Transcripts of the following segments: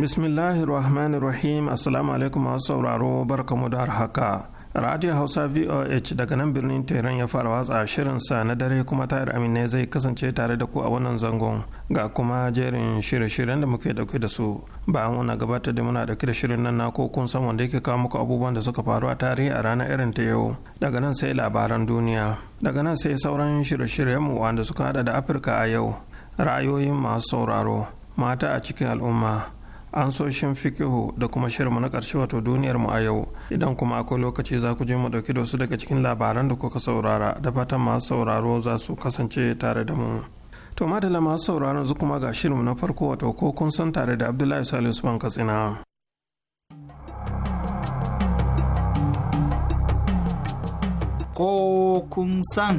bismillahir rahmanir rahim assalamu alaikum masu sauraro barkamu da haka radio hausa voh daga nan birnin tehran ya fara watsa shirinsa na dare kuma tayar amina zai kasance tare da ku a wannan zangon ga kuma jerin shirye-shiryen da muke dauke da su ba bayan na gabatar da muna dauke da shirin nan na ko kun san wanda yake kawo muku abubuwan da suka faru a tarihi a ranar irin ta yau daga nan sai labaran duniya daga nan sai sauran shirye shiryen mu wanda suka hada da afirka a yau ra'ayoyin masu sauraro mata a cikin al'umma an so shin fikihu da kuma shirinmu na ƙarshe wato duniyar mu a yau idan kuma akwai lokaci za ku je mu dauki da wasu daga cikin labaran da kuka saurara da fatan masu sauraro za su kasance tare da mu to madalla masu sauraron zu kuma ga shirinmu na farko wato ko kun san tare da abdullahi salisu usman katsina ko kun san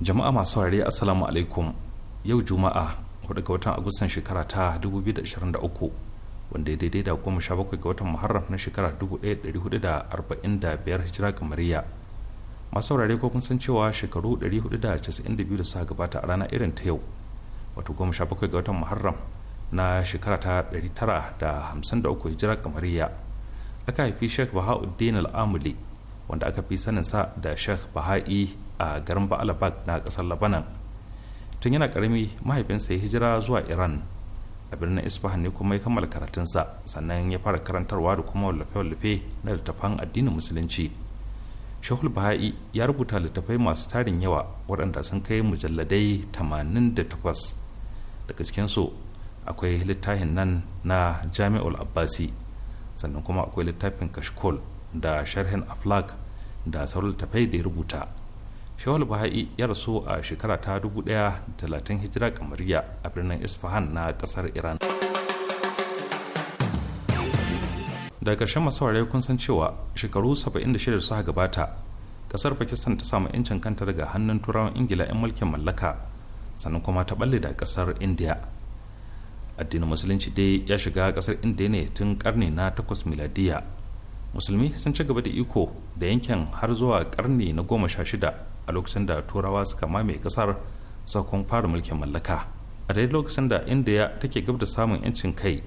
jama'a masu saurare assalamu alaikum yau juma'a 4 ga watan agustan shekara ta 2023 wanda ya daidai da goma sha bakwai ga watan muharram na shekara 1445 hijira kamariya masu saurare ko kun san cewa shekaru 492 da suka gabata a rana irin ta yau wato goma sha bakwai ga watan muharram na shekara ta 953 hijira kamariya aka haifi sheikh bahauddin al'amuli wanda aka fi saninsa da sheikh baha'i a garin ba'alabak na kasar labanan tun yana karami mahaifinsa ya hijira zuwa iran a birnin isfahan ne kuma ya kammala karatunsa sannan ya fara karantarwa da kuma wallafe-wallafe na littafan addinin musulunci shahul baha'i ya rubuta littafai masu tarin yawa waɗanda sun kai mujalladai takwas daga cikin su akwai littafin nan na jami'ul abbasi sannan kuma akwai littafin kashkol da sharhin aflak da sauran littafai da ya rubuta shawal baha'i ya rasu a shekara ta talatin hijira kamariya a birnin isfahan na kasar iran daga ƙarshen masaurare kun san cewa shekaru 76 suka gabata kasar pakistan ta samu 'yancin kanta daga hannun turawan ingila 'yan mulkin mallaka sannan kuma ta balle da kasar india addinin musulunci dai ya shiga kasar india ne tun karni na 8 miladiya musulmi sun ci gaba da iko da yankin har zuwa karni na goma sha shida a lokacin da turawa suka mamaye kasar sakon fara mulkin mallaka a daidai lokacin da indiya take gab da samun yancin kai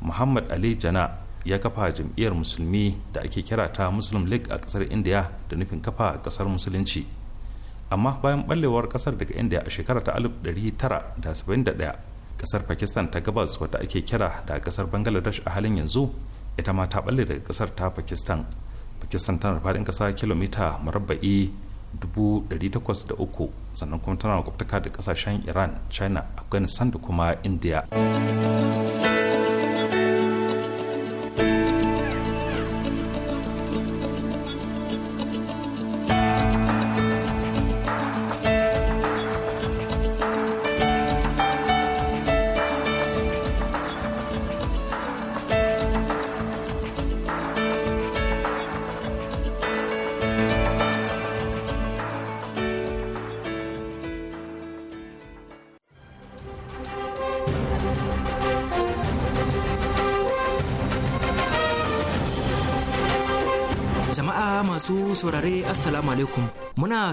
muhammad ali jana ya kafa jam'iyyar musulmi da ake kira ta muslim league a kasar indiya da nufin kafa a kasar musulunci amma bayan ballewar kasar daga indiya a shekara ta 1971 kasar pakistan ta gabas wadda ake kira da kasar bangaladesh a halin yanzu ita ma ta balle daga kasar ta pakistan pakistan tana faɗin ƙasa kilomita marabba'i 1803 sannan kuma tana makwabtaka da kasashen iran china afghanistan da kuma india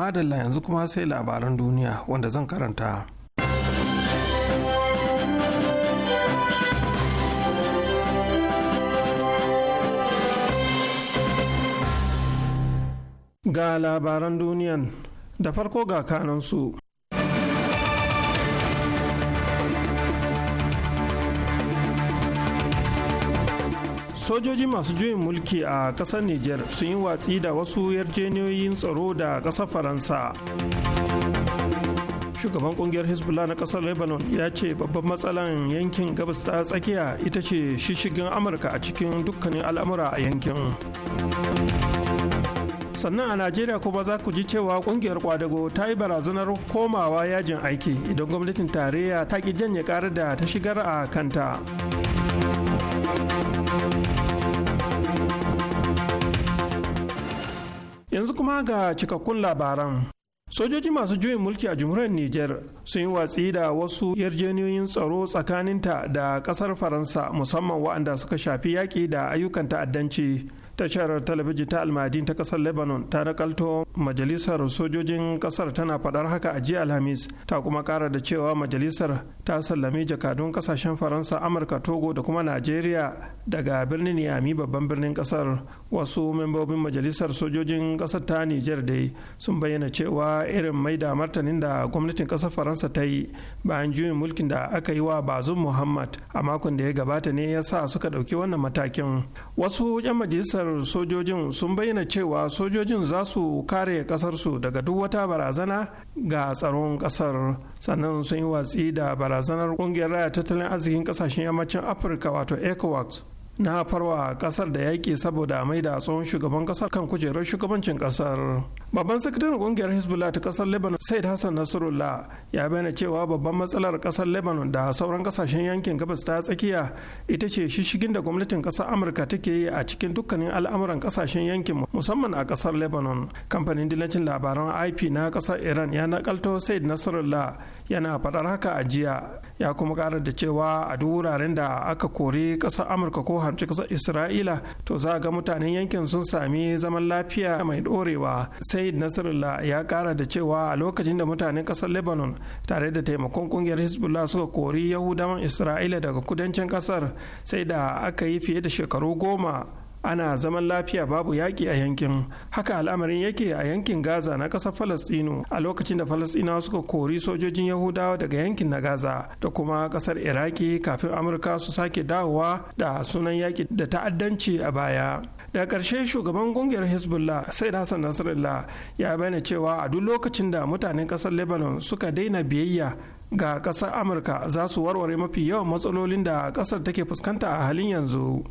madalla yanzu kuma sai labaran duniya wanda zan karanta ga labaran duniyan da farko ga kanansu sojoji masu juyin mulki a ƙasar niger sun yi watsi da wasu yarjeniyoyin tsaro da ƙasar faransa shugaban kungiyar hezbollah na kasar lebanon ya ce babban matsalan yankin gabas ta tsakiya ita ce shishigin amurka a cikin dukkanin al'amura a yankin sannan a najeriya kuma za ku ji cewa kungiyar kwadago ta yi barazanar komawa yajin aiki idan gwamnatin tarayya ta ki janye karar da ta shigar a kanta yanzu kuma ga cikakkun labaran sojoji masu juyin mulki a jamhuriyar niger sun yi watsi da wasu yarjeniyoyin tsaro tsakaninta da kasar faransa musamman waɗanda suka shafi yaƙi da ayyukan ta'addanci tasharar talabijin ta almadin ta kasar lebanon ta nakalto majalisar sojojin kasar tana fadar haka a jiya alhamis ta kuma kara da cewa majalisar ta sallami jakadun kasashen faransa amurka togo da kuma najeriya daga birnin yami babban birnin kasar wasu membobin majalisar sojojin kasar ta nijar dai sun bayyana cewa irin mai da martanin da gwamnatin kasar faransa ta yi bayan juyin mulkin da aka yi wa bazum muhammad a makon da ya gabata ne ya sa suka ɗauki wannan matakin wasu 'yan majalisar sojojin sun bayyana cewa sojojin za su kare kasarsu daga duk wata barazana ga tsaron kasar sannan sun yi watsi da barazanar kungiyar raya tattalin arzikin kasashen yammacin afirka wato ecowas na farwa kasar da yaƙi saboda mai da tsohon shugaban kasar kan kujerar shugabancin kasar babban sakataren kungiyar hezbollah ta kasar lebanon said hassan nasrullah ya bayyana cewa babban matsalar kasar lebanon da sauran kasashen yankin gabas ta tsakiya ita ce shishigin da gwamnatin kasar amurka take yi a cikin dukkanin al'amuran kasashen yankin musamman a kasar lebanon kamfanin dillacin labaran ip na kasar iran ya nakalto said nasrullah yana faɗar haka a jiya ya kuma ƙara da cewa a duk wuraren da aka kori kasar amurka ko hamci kasar isra'ila to za ga mutanen yankin sun sami zaman lafiya mai dorewa sai nasarullah ya kara da cewa a lokacin da mutanen kasar lebanon tare da taimakon kungiyar hezbollah suka kori yahudawan isra'ila daga kudancin kasar sai da aka yi fiye da shekaru goma ana zaman lafiya babu yaƙi a yankin haka al'amarin yake a yankin gaza na ƙasar falastinu a lokacin da falastinawa suka kori sojojin yahudawa daga yankin na gaza da kuma ƙasar iraki kafin amurka su sake dawowa da sunan yaƙi da ta'addanci a baya da ƙarshe shugaban ƙungiyar hezbollah sai hassan nasrallah ya bayyana cewa a duk lokacin da mutanen ƙasar lebanon suka daina biyayya ga ƙasar amurka za su warware mafi yawan matsalolin da ƙasar take fuskanta a halin yanzu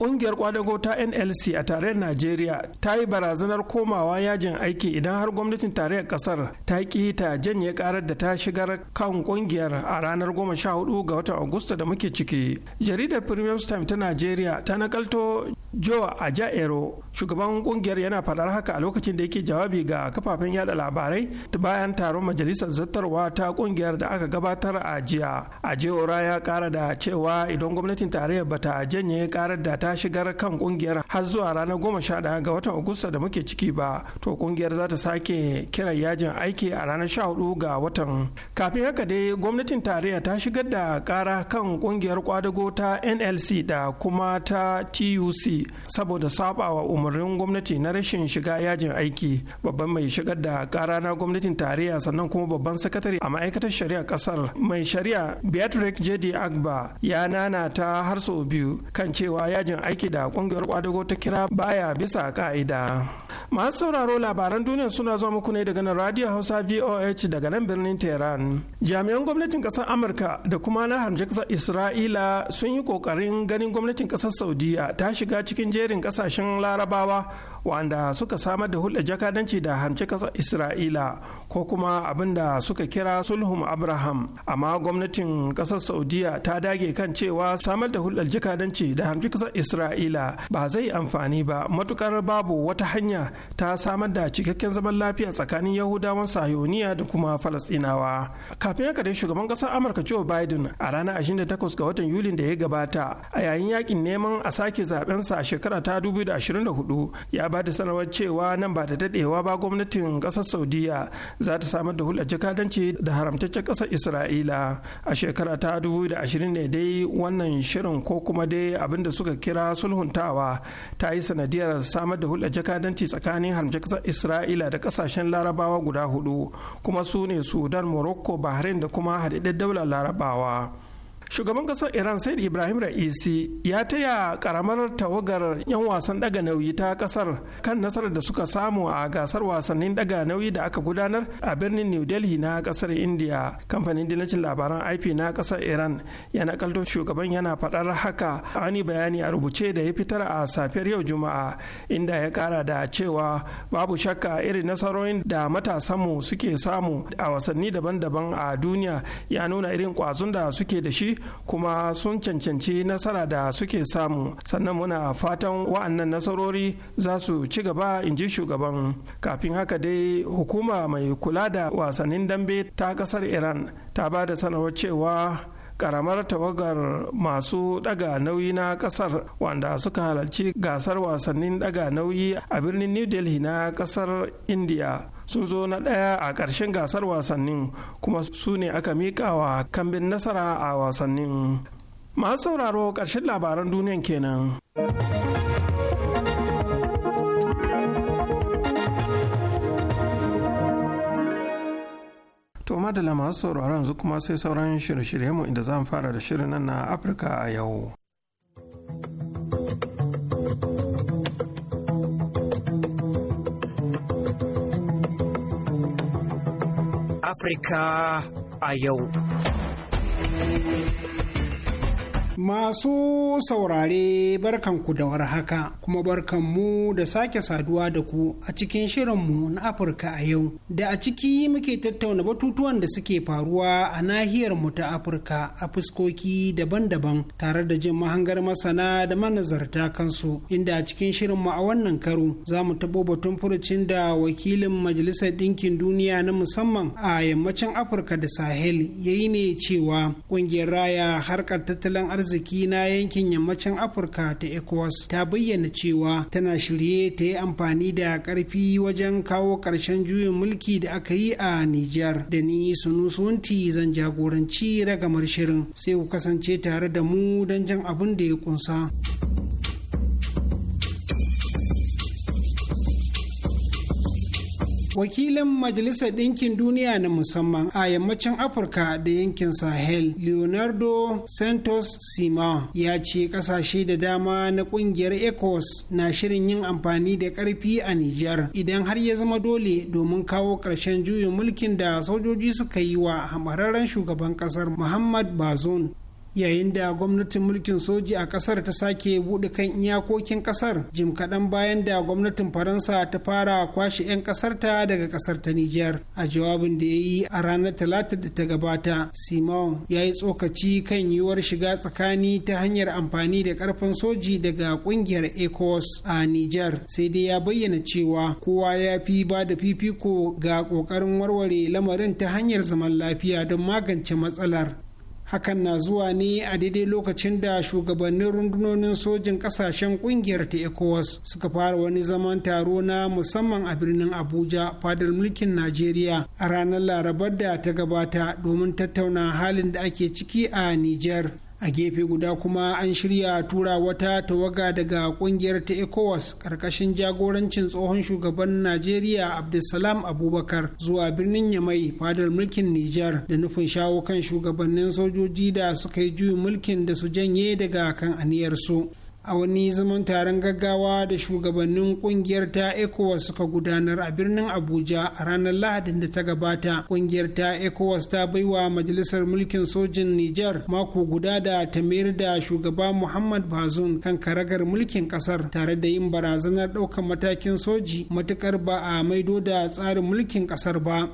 Ƙungiyar ƙwadago ta NLC a tarayyar Najeriya ta yi barazanar komawa yajin aiki idan har gwamnatin tarayyar ƙasar ta ƙi ta janye ƙarar da ta shigar kan ƙungiyar a ranar 14 ga watan Agusta da muke ciki. Jaridar Premium Time ta Najeriya ta nakalto joe ero shugaban kungiyar yana faɗar haka a lokacin da yake jawabi ga kafafen yada labarai bayan taron majalisar zartarwa ta kungiyar da aka gabatar a jiya a ora ya kara da cewa idan gwamnatin tarayyar bata janye karar da ta shigar kan kungiyar har zuwa ranar goma sha ɗaya ga watan agusta da muke ciki ba to kungiyar za ta sake kiran yajin aiki a ranar sha hudu ga watan kafin haka dai gwamnatin tarayya ta shigar da kara kan kungiyar kwadago ta nlc da kuma ta tuc saboda sabawa umarnin gwamnati na rashin shiga yajin aiki babban mai shigar da kara na gwamnatin tarayya sannan kuma babban sakatare a ma'aikatar shari'a kasar mai shari'a Beatrice J.D. Agba ya nana ta har sau biyu kan cewa yajin aiki da kungiyar kwadago ta kira baya bisa ka'ida. Masu sauraro labaran duniya suna zuwa muku ne daga nan Radio Hausa VOH daga nan birnin Tehran. Jami'an gwamnatin kasar Amurka da kuma na harjin kasar Isra'ila sun yi kokarin ganin gwamnatin kasar Saudiya ta shiga cikin jerin kasashen larabawa wanda suka samar da hulɗa jakadanci da hamci ƙasar isra'ila ko kuma abin da suka kira sulhun abraham amma gwamnatin ƙasar saudiya ta dage kan cewa samar da hulɗar jakadanci da hamci ƙasar isra'ila ba zai amfani ba matukar babu wata hanya ta samar da cikakken zaman lafiya tsakanin yahudawan sayoniya da kuma falastinawa kafin haka dai shugaban ƙasar amurka joe biden a ranar 28 ga watan yulin da ya gabata a yayin yakin neman a sake zaben sa a shekara ta 2024 ya ba da sanarwar cewa nan ba da dadewa ba gwamnatin kasar saudiya za ta samar da hulɗar jakadanci da haramtaccen kasar isra'ila a shekara ta 2020 ne dai wannan shirin ko kuma dai abin da suka kira sulhuntawa ta yi sanadiyar samar da hulɗar jakadanci tsakanin haramtaccen kasar isra'ila da kasashen larabawa guda hudu kuma su ne sudan morocco bahrain da kuma haɗaɗɗen daular larabawa shugaban kasar iran said ibrahim ra'isi ya taya karamar tawagar yan wasan daga nauyi ta kasar kan nasarar da suka samu a gasar wasannin daga nauyi da aka gudanar a birnin new delhi na kasar india kamfanin dinacin labaran ip na kasar iran yana kalto shugaban yana faɗar haka wani bayani a rubuce da ya fitar a safiyar yau juma'a inda ya kara da cewa babu shakka irin nasarorin da matasanmu suke samu a wasanni daban-daban a duniya ya nuna irin kwazon da suke da shi kuma sun cancanci nasara da suke samu sannan muna fatan wa'annan nasarori za su ci gaba in ji shugaban kafin haka dai hukuma mai kula da wasannin dambe ta kasar iran ta ba da sanarwar cewa karamar tawagar masu daga nauyi na kasar wanda suka halarci gasar wasannin daga nauyi a birnin new delhi na kasar india sun zo na ɗaya a ƙarshen gasar wasannin kuma su ne aka miƙa wa kambin nasara a wasannin masu sauraro ƙarshen labaran duniyan kenan. To madalla masu sauraron yanzu kuma sai sauran shirye-shiryenmu inda zan fara da shirin nan na Afirka a yau. Africa. Iyo. Masu saurare barkanku da war haka kuma barkanmu da sake saduwa da ku a cikin shirinmu na Afirka a yau da a ciki muke tattauna batutuwan da suke faruwa a nahiyar mu ta Afirka a fuskoki daban-daban tare da jin mahangar masana da manazarta kansu inda a cikin mu a wannan karo za mu tabo batun furucin da wakilin Majalisar Ɗinkin Duniya na musamman a yammacin Afirka da Sahel ya yayi ne cewa ƙungiyar raya harkar tattalin arziki arziki na yankin yammacin afirka ta ecowas ta bayyana cewa tana shirye ta yi amfani da karfi wajen kawo ƙarshen juyin mulki da aka yi a nijar da ni sunusunti zan jagoranci ragamar shirin sai ku kasance tare da mu don jan abin da ya kunsa. wakilin majalisar ɗinkin duniya na musamman a yammacin afirka da yankin sahel leonardo santos sima ya ce ƙasashe da dama na ƙungiyar ecos na shirin yin amfani da ƙarfi a nijar idan har ya zama dole domin kawo ƙarshen juyin mulkin da sojoji suka yi wa hamararren shugaban ƙasar muhammad bazoum yayin da gwamnatin mulkin soji a kasar ta sake buɗe kan iyakokin kasar jim kaɗan bayan da gwamnatin faransa ta fara kwashe 'yan kasar ta daga kasar ta nijar a jawabin da ya yi a ranar talata da ta gabata simon ya yi tsokaci kan yiwuwar shiga tsakani ta hanyar amfani da karfin soji daga kungiyar ecos a nijar sai dai ya bayyana cewa kowa ya fi ba da fifiko ga ƙoƙarin warware lamarin ta hanyar zaman lafiya don magance matsalar hakan na zuwa ne a daidai lokacin da shugabannin rundunonin sojin kasashen kungiyar ta ecowas suka fara wani zaman taro na musamman a birnin abuja fadar mulkin najeriya a ranar larabar da ta gabata domin tattauna halin da ake ciki a niger a gefe guda kuma an shirya tura wata tawaga daga kungiyar ta ecowas karkashin jagorancin tsohon shugaban najeriya abdulsalam abubakar zuwa birnin yamai fadar mulkin nijar da nufin shawo kan shugabannin sojoji da suka yi juyin mulkin da su janye daga kan aniyarsu a wani zaman taron gaggawa da shugabannin kungiyar ta ecowas suka gudanar a birnin abuja a ranar lahadin da ta gabata kungiyar ta ecowas ta baiwa majalisar mulkin sojin niger mako guda da ta mayar da shugaba muhammad bazoum kan karagar mulkin kasar tare da yin barazanar ɗaukar matakin soji matukar ba a maido da tsarin mulkin kasar ba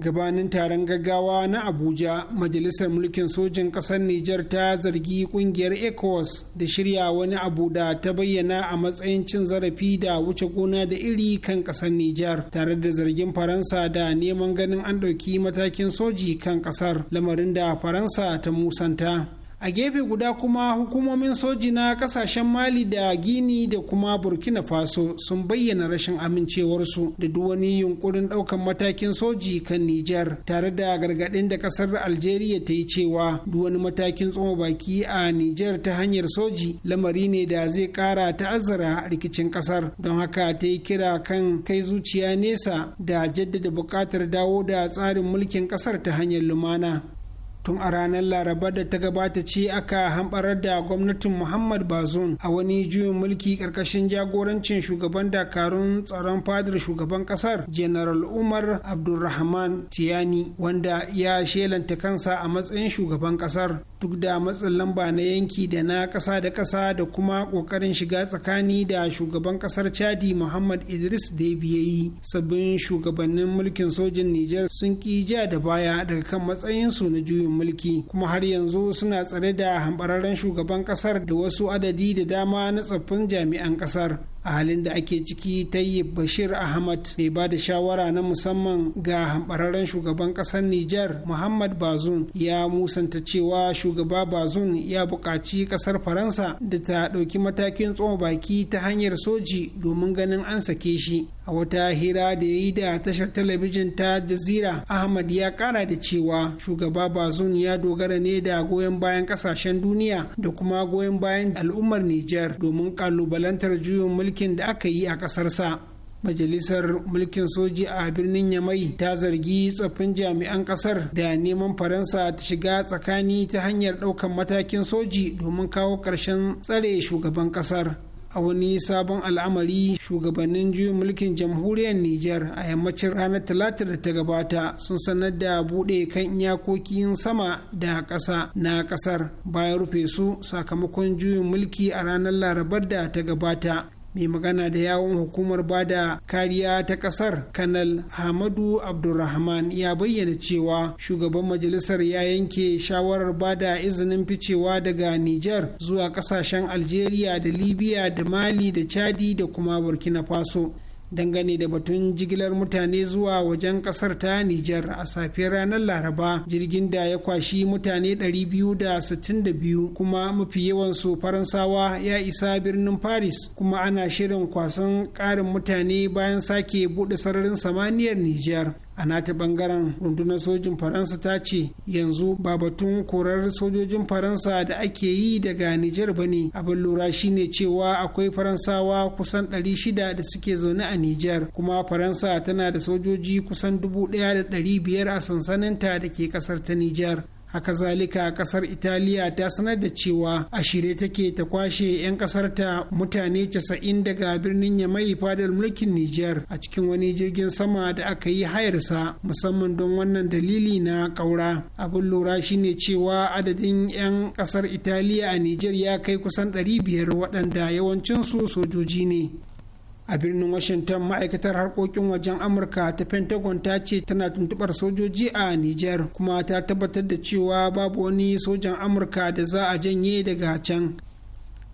gabanin taron gaggawa na abuja majalisar mulkin sojin ƙasar niger ta zargi kungiyar ecowas da shirya wani abu da ta bayyana a matsayin cin zarafi da wuce gona da iri kan ƙasar niger tare da zargin faransa da neman ganin an ɗauki matakin soji kan ƙasar lamarin da faransa ta musanta a gefe guda kuma hukumomin soji na kasashen mali da gini da kuma burkina faso sun bayyana rashin amincewarsu da duwani wani yunkurin ɗaukan matakin soji kan nijar tare da gargaɗin da ƙasar algeria ta yi cewa duk wani matakin tsoma baki a nijar ta hanyar soji lamari ne da zai ƙara ta'azzara rikicin ƙasar don haka ta yi kira kan kai zuciya nesa da jaddada buƙatar dawo da tsarin mulkin ƙasar ta hanyar lumana tun a ranar laraba da ta gabata ce aka hambarar da gwamnatin muhammad bazoum a wani juyin mulki karkashin jagorancin shugaban dakarun tsaron fadar shugaban kasar general umar abdulrahman tiyani wanda ya shelanta kansa a matsayin shugaban kasar duk da matsin lamba na yanki da na kasa da kasa da kuma kokarin shiga tsakani da shugaban kasar chadi muhammad idris da ya yi sabbin shugabannin mulkin sojin nijar sun ki ja da baya daga kan matsayinsu na juyin mulki kuma har yanzu suna tsare da hambararren shugaban kasar da wasu adadi da dama na tsoffin jami'an kasar a halin da ake ciki tayyib bashir ahmad mai ba da shawara na musamman ga hambararren shugaban kasar niger muhammad bazun ya musanta cewa shugaba bazun ya buƙaci kasar faransa da ta ɗauki matakin tsoma baki ta hanyar soji domin ganin an sake shi a wata hira da ya yi da tashar talabijin ta jazira ahmad ya kara da cewa shugaba bazun ya dogara ne da goyon bayan kasashen duniya da kuma goyon bayan al'ummar niger domin kalubalantar juyin mulki mulkin da aka yi a ƙasarsa. majalisar mulkin soji a birnin yamai ta zargi tsaffin jami'an kasar da neman faransa ta shiga tsakani ta hanyar ɗaukan matakin soji domin kawo ƙarshen tsare shugaban kasar a wani sabon al'amari shugabannin juyin mulkin jamhuriyar Nijar a yammacin ranar talatar da ta gabata sun sanar da buɗe kan iyakokin sama da ƙasa na ƙasar bayan rufe su sakamakon juyin mulki a ranar larabar da ta gabata mai magana da yawon hukumar bada kariya ta kasar kanal hamadu abdulrahman ya bayyana cewa shugaban majalisar ya yanke shawarar bada izinin ficewa daga niger zuwa kasashen algeria da libya da mali da chadi da kuma burkina faso dangane da batun jigilar mutane zuwa wajen kasar ta Nijar a safiyar ranar Laraba jirgin da ya kwashi mutane 262 kuma mafi yawan su Faransawa ya isa birnin Paris kuma ana shirin kwasan ƙarin mutane bayan sake buɗe sararin samaniyar Nijar. a nata bangaren rundunar sojin faransa ta ce yanzu ba batun korar sojojin faransa da ake yi daga nijar ba ne abin lura shine cewa akwai faransawa kusan 600 da suke zaune a nijar kuma faransa tana da sojoji kusan 1500 a sansaninta da ke kasar ta nijar haka zalika kasar italiya ta sanar da cewa a shirye take ta kwashe 'yan kasar mutane 90 daga birnin yamai fadar mulkin niger a cikin wani jirgin sama da aka yi hayarsa musamman don wannan dalili na kaura abin lura shine cewa adadin 'yan kasar italiya a niger ya kai kusan 500 waɗanda su sojoji ne a birnin washington ma'aikatar harkokin wajen amurka ta pentagon ta ce tana tuntubar sojoji a niger kuma ta tabbatar da cewa babu wani sojan amurka da za a janye daga can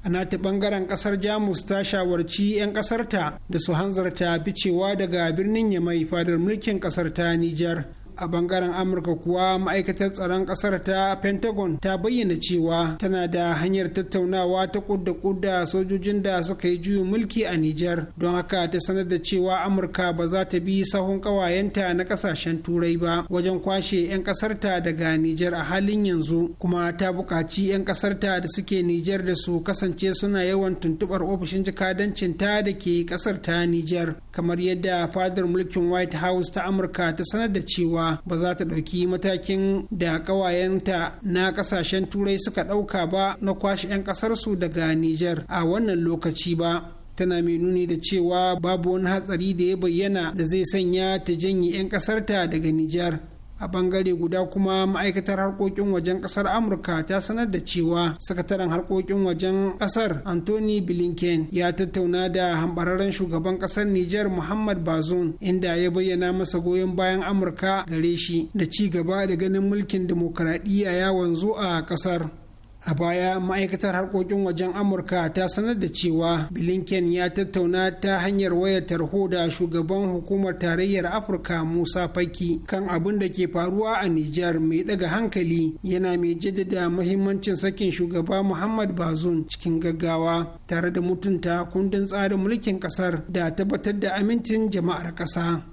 a nata bangaren kasar jamus ta shawarci 'yan kasarta da su hanzarta bicewa daga birnin ya mai fadar mulkin kasar ta nijar a bangaren amurka kuwa ma'aikatar tsaron kasar ta pentagon ta bayyana cewa tana da hanyar tattaunawa ta kudda kudda sojojin da suka yi juyin mulki a nijar don haka ta sanar da cewa amurka ba za ta bi sahun kawayenta na kasashen turai ba wajen kwashe 'yan kasarta daga nijar a halin yanzu kuma ta buƙaci 'yan kasarta da suke nijar da su kasance suna yawan tuntubar ofishin jikadancin ta da ke kasar ta nijar kamar yadda fadar mulkin white house ta amurka ta sanar da cewa ba za ta ɗauki matakin da ƙawayenta na ƙasashen turai suka ɗauka ba na kwashe 'yan ƙasarsu daga Nijar a wannan lokaci ba. tana mai nuni da cewa babu wani hatsari da ya bayyana da zai sanya ta janye 'yan ƙasarta daga Nijar. a bangare guda kuma ma'aikatar harkokin wajen kasar amurka ta sanar da cewa sakataren harkokin wajen kasar anthony blinken ya tattauna da hambararren shugaban kasar niger muhammad bazoum inda ya bayyana masa goyon bayan amurka gare shi da ci gaba da ganin mulkin dimokuraɗiyya ya wanzu a kasar a baya ma'aikatar harkokin wajen amurka ta sanar da cewa Bilinken ya tattauna ta hanyar wayar tarho da shugaban hukumar tarayyar afirka musa faki kan abin da ke faruwa a nijar mai daga hankali yana mai jaddada muhimmancin sakin shugaba muhammad bazun cikin gaggawa tare da mutunta kundin tsarin mulkin kasar da tabbatar da amincin jama'ar ƙasa.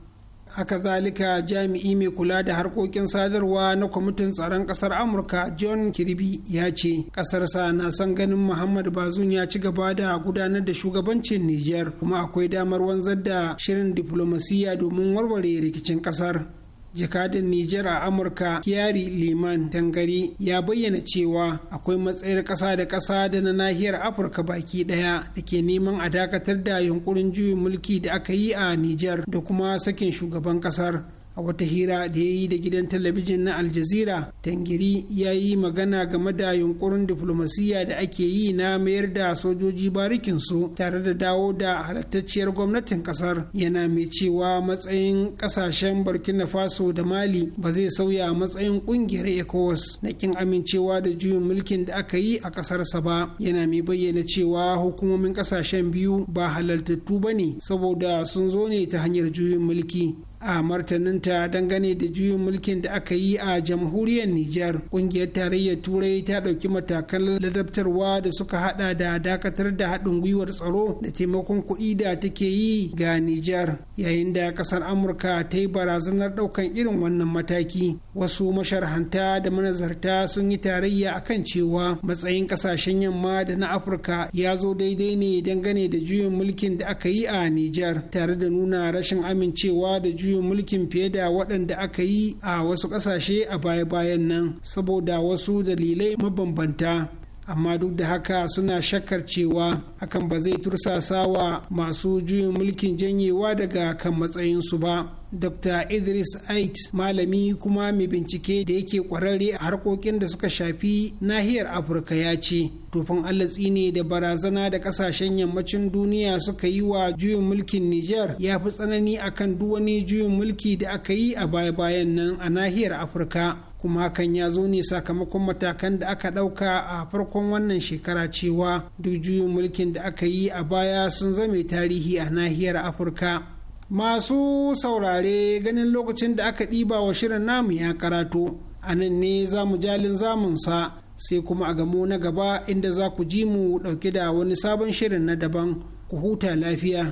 haka zalika jami'i mai kula da harkokin sadarwa na kwamitin tsaron kasar amurka john kirby ya ce kasarsa na san ganin muhammad bazun ya ci gaba da gudanar da shugabancin niger kuma akwai damar wanzar da shirin diflomasiyya domin warware rikicin kasar jakadan Nijar a Amurka kyari Liman Tangari ya bayyana cewa akwai matsayar ƙasa da ƙasa da na nahiyar Afirka baki ɗaya da ke neman a dakatar da yunkurin juyin mulki da aka yi a Nijar da kuma sakin shugaban ƙasar. a wata hira da ya yi da gidan talabijin na aljazira tangiri ya yi magana game da yunkurin diflomasiyya da ake yi na mayar da sojoji barikinsu tare da dawo da halittacciyar gwamnatin kasar yana mai cewa matsayin kasashen burkina faso da mali ba zai sauya matsayin kungiyar ecowas na kin amincewa da juyin mulkin da aka yi a kasarsa ba yana mai bayyana cewa hukumomin kasashen biyu ba halaltattu ba ne saboda sun zo ne ta hanyar juyin mulki a martaninta dangane da juyin mulkin da aka yi a jamhuriyar Nijar kungiyar tarayyar turai ta ɗauki matakan ladabtarwa da suka hada da dakatar da haɗin gwiwar tsaro da taimakon kuɗi da take yi ga Nijar yayin da ƙasar Amurka ta yi barazanar ɗaukan irin wannan mataki wasu masharhanta da manazarta sun yi tarayya akan cewa matsayin ƙasashen yamma da na Afirka ya zo daidai ne dangane da juyin mulkin da aka yi a Nijar tare da nuna rashin amincewa da juyin juyin mulkin fiye da waɗanda aka yi a wasu ƙasashe a baya-bayan nan saboda wasu dalilai mabambanta amma duk da haka suna shakkar cewa hakan ba zai tursasa wa masu juyin mulkin janyewa daga kan matsayinsu ba Dr. Idris Ait malami kuma mai bincike da yake kwararre a harkokin da suka shafi nahiyar Afirka ya ce, tufan allatsi ne da barazana da kasashen yammacin duniya suka yi wa juyin mulkin Niger ya fi tsanani akan duk wani juyin mulki da aka yi a baya-bayan nan a nahiyar Afirka. kuma hakan ya zo ne sakamakon matakan da aka ɗauka a farkon wannan shekara cewa duk juyin mulkin da aka yi a baya sun zame tarihi a nahiyar afirka masu saurare ganin lokacin da aka ɗiba wa shirin namu ya karatu a nan ne za mu jalin zamunsa sai kuma a gamo na gaba inda za ku ji mu ɗauke da wani sabon shirin na daban ku huta lafiya.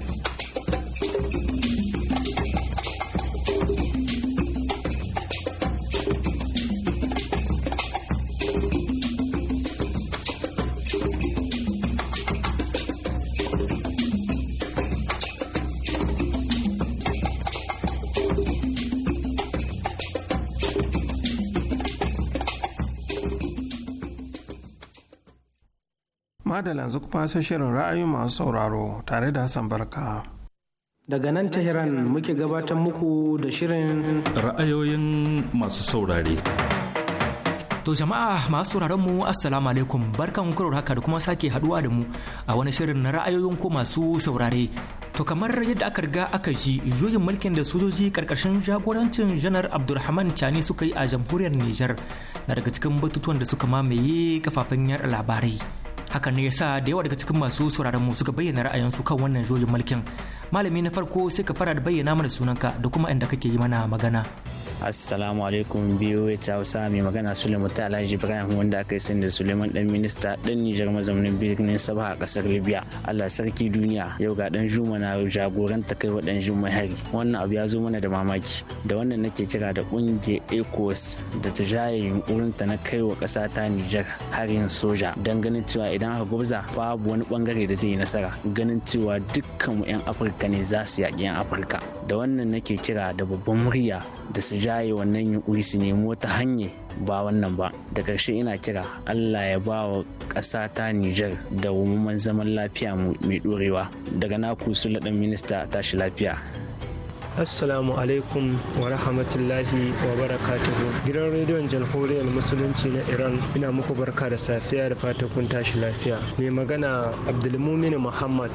Madalan kuma sai shirin ra'ayi masu sauraro tare da Hassan Barka. Daga nan Tehran muke gabatar muku da shirin ra'ayoyin masu saurare. To jama'a masu sauraron mu assalamu alaikum barkan da haka da kuma sake haduwa da mu a wani shirin na ra'ayoyin ko masu saurare. To kamar yadda aka riga aka ji juyin mulkin da sojoji karkashin jagorancin janar Abdulrahman Chani suka yi a jamhuriyar Nijar na daga cikin batutuwan da suka mamaye kafafen yar labarai. hakan ne ya sa da yawa daga cikin masu sauraron mu suka bayyana ra'ayinsu kan wannan juyin mulkin malami na farko sai ka fara da bayyana mana sunanka da kuma inda kake yi mana magana assalamu alaikum biyu ya hausa mai magana suleiman ta alhaji ibrahim wanda aka yi sani da suleiman dan minista ɗan nijar mazaunin birnin sabah a kasar libya allah sarki duniya yau ga dan juma na jagoranta kai wa dan juma hari wannan abu ya zo mana da mamaki da wannan nake kira da kungiyar ecos da ta jaye ta na kai wa kasa ta nijar harin soja dan ganin cewa idan aka gwabza babu wani bangare da zai yi nasara ganin cewa dukkanmu yan afirka ne za su yaƙi yan afirka da wannan nake kira da babban murya da su jaye wannan yunkuri su nemi wata hanyar ba wannan ba da ƙarshe ina kira allah ya ba wa ƙasa ta nijar da wumman zaman lafiya mai ɗorewa daga naku sulaɗin minista tashi lafiya assalamu alaikum wa rahmatullahi wa barakatuhu gidan rediyon jamhuriyar musulunci na iran ina muku barka da safiya da fatan kun tashi lafiya mai magana abdulmumin muhammad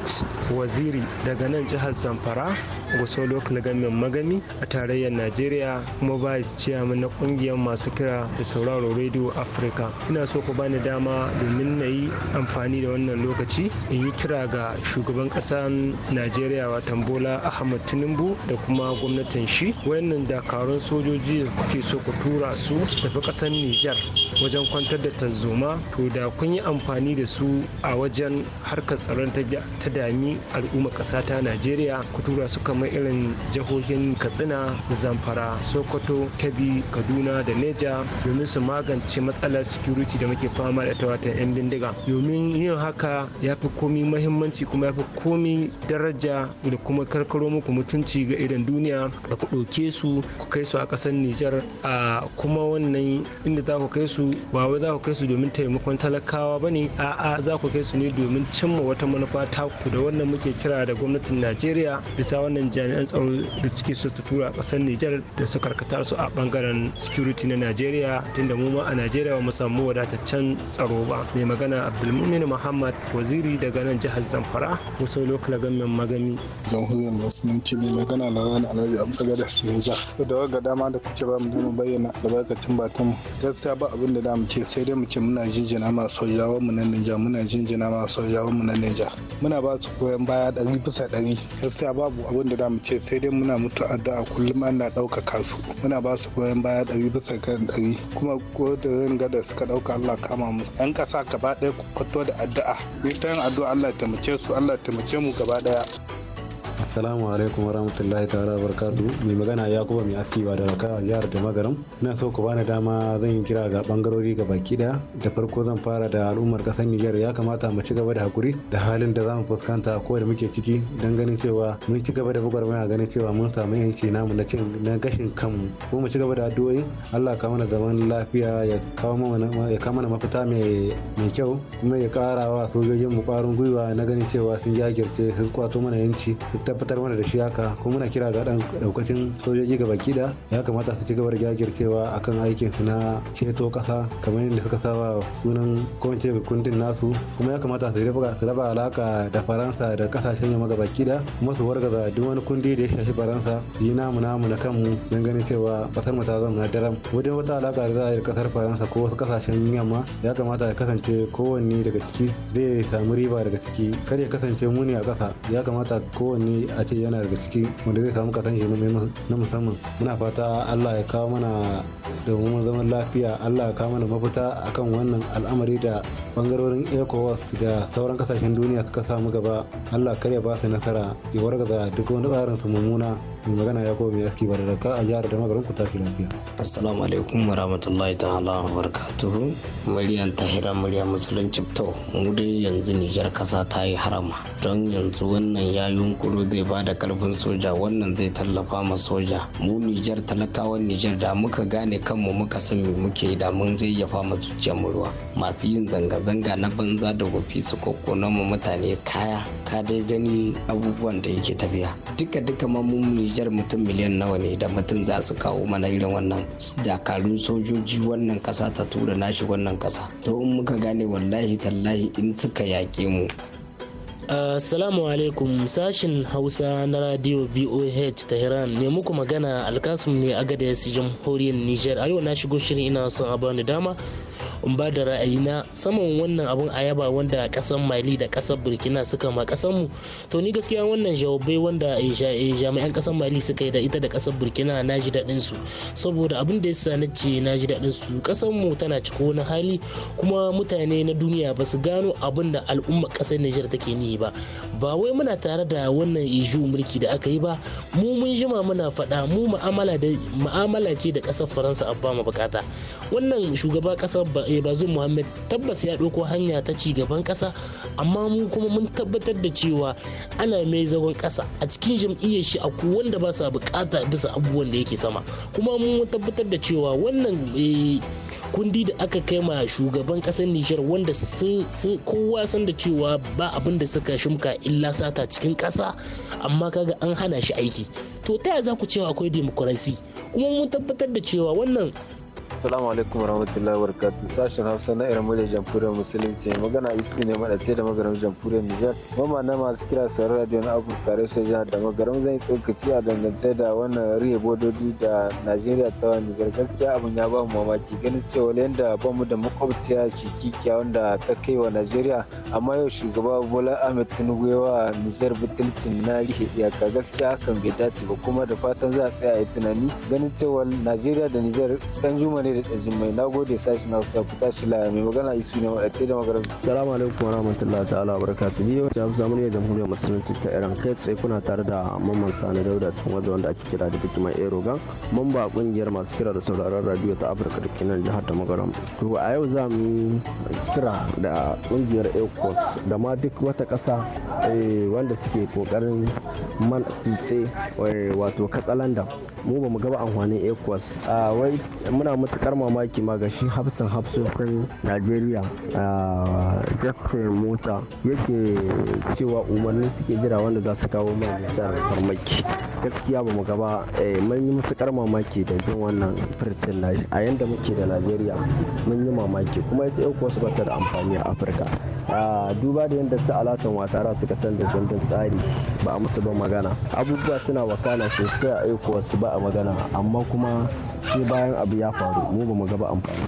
waziri daga nan jihar zamfara gusau local Government magami a tarayyar najeriya kuma vice chairman na kungiyar masu kira da sauraro radio africa ina so ku bani dama domin na yi amfani da wannan lokaci in yi kira ga shugaban ƙasar najeriya watan bola ahmad tinubu da kuma gwamnatin shi wayannan dakarun sojoji da kuke so ku tura su tafi kasar Nijar wajen kwantar da tazuma to da kun yi amfani da su a wajen harkar tsaron ta dami al'umma ƙasa ta Najeriya ku tura su kamar irin jihohin Katsina, Zamfara, Sokoto, Kebbi, Kaduna da Neja domin su magance matsalar security da muke fama da ta 'yan bindiga. Domin yin haka ya fi komi muhimmanci kuma ya fi komi daraja da kuma karkaro muku mutunci ga irin idan duniya da ku ɗauke su ku kai su a ƙasar Nijar a kuma wannan inda za ku kai su ba wai za ku kai su domin taimakon talakawa ba ne a'a za ku kai su ne domin cimma wata manufa ta ku da wannan muke kira da gwamnatin Najeriya bisa wannan jami'an tsaro da suke so su tura ƙasar Nijar da su karkata su a bangaren security na Najeriya tunda mu ma a Najeriya ba mu samu wadataccen tsaro ba mai magana Abdulmumin Muhammad waziri daga nan jihar Zamfara wasu Lokal Gamin Magami. Jamhuriyar Musulunci mai magana sunan alhaji abubakar da to da waga dama da kuke ba mu mu bayyana albarkacin batun gaskiya ba abin da damu ce sai dai mu ce muna jinjina ma sojawan mu na ninja muna jinjina ma sojawan mu na ninja muna ba su goyon baya ɗari bisa ɗari gaskiya babu abin da damu ce sai dai muna mutu addu'a kullum ana ɗaukaka su muna ba su goyon baya ɗari bisa kan ɗari kuma da ƙudurin gada suka ɗauka Allah kama musu yan ƙasa gaba ɗaya ku fito da addu'a ni ta yin addu'a Allah ya mace su Allah ta mace mu gaba ɗaya. assalamu alaikum wa rahmatullahi ta'ala barkatu mai magana ya kuma mai ba da raka a jihar da magaram ina so ku bani dama zan yi kira ga bangarori ga baki daya da farko zan fara da al'ummar kasar Nijar. ya kamata mu ci gaba da hakuri da halin da zamu fuskanta ko da muke ciki don ganin cewa mun ci gaba da gwagwarmaya ganin cewa mun samu yanci namu na cin na gashin kanmu ko mu ci gaba da addu'o'i Allah ka mana zaman lafiya ya kawo mana ya kawo mana mafita mai kyau kuma ya kara wa sojojin mu kwarin gwiwa na ganin cewa sun jajirce sun kwato mana yanci su tabbatar fitar mana da shi haka kuma muna kira ga dan daukacin sojoji baki da ya kamata su ci gaba da jajircewa akan aikin su na ceto kasa kamar yadda suka sawa sunan kwance kundin nasu kuma ya kamata su raba alaka da faransa da kasashen yamma ga da kuma su wargaza duk wani kundi da ya shafi faransa su yi namu namu na kanmu don ganin cewa kasar mu ta zauna daram wajen wata alaka da za a yi kasar faransa ko wasu kasashen yamma ya kamata ya kasance kowanne daga ciki zai samu riba daga ciki kar ya kasance muni a kasa ya kamata kowanne a ce yana daga ciki wanda zai samu kasan shi na musamman muna fata allah ya kawo mana domin zaman lafiya allah ya kawo mana mafita akan wannan al'amari da bangarorin ecowas da sauran kasashen duniya suka samu gaba allah kar ya ba su nasara ya wargaza duk wani tsarin su mummuna mai magana ya kuma mai aski ba da raka a jihar da magarin ku tafi lafiya. assalamu alaikum wa rahmatullahi ta'ala wa barakatuhu muryan tahira murya musulunci to mu dai yanzu nijar kasa ta yi harama don yanzu wannan ya yunkuro zai ba da karfin soja wannan zai tallafa ma soja mu nijar talakawan nijar da muka gane kanmu muka san me muke da mun zai yafa ma mu ruwa masu yin zanga-zanga na banza da gofi su kokona mu mutane kaya ka dai gani abubuwan da yake tafiya duka-duka ma mu Nijar mutum miliyan nawa ne da mutum za su kawo mana irin wannan dakarun sojoji wannan kasa ta tura nashi wannan kasa to in muka gane wallahi tallahi in suka yaƙe mu Assalamu alaikum sashin Hausa na radio VOH Tehran mai muku magana alkasum ne a yasi jamhuriyar Nijar a yau na shigo shirin ina son a bani dama in ba da ra'ayina saman wannan abun ayaba wanda kasan Mali da kasar Burkina suka ma kasan mu to ni gaskiya wannan jawabai wanda jami'an kasan Mali suka yi da ita da kasar Burkina na ji daɗin su saboda abin da yasa na ce na ji daɗin su kasan mu tana ciko wani hali kuma mutane na duniya ba su gano abin da al'ummar kasar Nijar take ni ba ba wai muna tare da wannan iju mulki da aka yi ba mu mun jima muna faɗa mu ma'amala ce da ƙasar faransa a ba mu bukata wannan shugaba ƙasar eh, bazu muhammad tabbas ya ɗauko hanya ta ci gaban ƙasa amma mu kuma mun tabbatar da cewa ana mai zagon ƙasa a cikin jam'iyyar shi a wanda ba sa bukata bisa abubuwan da yake sama kuma mun tabbatar da cewa wannan eh, kundi da aka kai ma shugaban kasar Nijar wanda kowa san da cewa ba abin da suka shimka illa sata cikin kasa amma kaga an hana shi aiki to ta za ku cewa akwai demokarasi kuma mun tabbatar da cewa wannan Assalamu alaikum warahmatullahi wabarakatuh. Sashen Hausa na irin muryar jamhuriyar Musulunci magana isu ne madace da magaram jamhuriyar Nijar. Mama na masu kira sauran radio na Afirka Rasha jihar da magaram zan yi tsokaci a dangance da wannan riya bododi da Najeriya ta wani Nijar gaskiya abin ya ba mu mamaki ganin cewa yanda ba mu da makwabciya kikiya wanda ta kai wa Najeriya amma yau shugaba Bola Ahmed Tinubu ya wa Nijar butulcin na rihe iyaka gaskiya hakan bai dace ba kuma da fatan za a tsaya a yi tunani ganin cewa Najeriya da Nijar ɗan juma ne ne da tsajin mai na gode na hausa ku tashi laya mai magana isu ne maɗaɗe da magaran. salamu alaikum wa rahmatullahi ta'ala wa barakatu biyu wata hausa zamani yi jamhuriyar musulunci ta iran kai tsaye kuna tare da mamman sani dauda tun wanda wanda ake kira da bikin mai erogan mamba kungiyar masu kira da sauraron radio ta afirka da kenan jihar ta magana to a yau za mu kira da kungiyar ecos da ma duk wata ƙasa eh, wanda suke kokarin man tutse eh, wato katsalanda mu ba mu gaba amfanin ecos ah, wai muna mutu matukar mamaki ma ga shi hafsan hafsofin najeriya a jasper mota yake cewa umarni suke jira wanda za su kawo mai jihar farmaki gaskiya ba mu gaba eh, mun yi matukar mamaki da jin wannan firtin nashi a yanda muke da najeriya mun yi mamaki kuma ce yau kuwa bata da amfani a afirka duba da yadda su alasan wasara suka canza gandun tsari ba a musu ba magana abubuwa suna wakana sosai a wasu ba a magana amma kuma sai bayan abu ya faru mu ba mu gaba amfani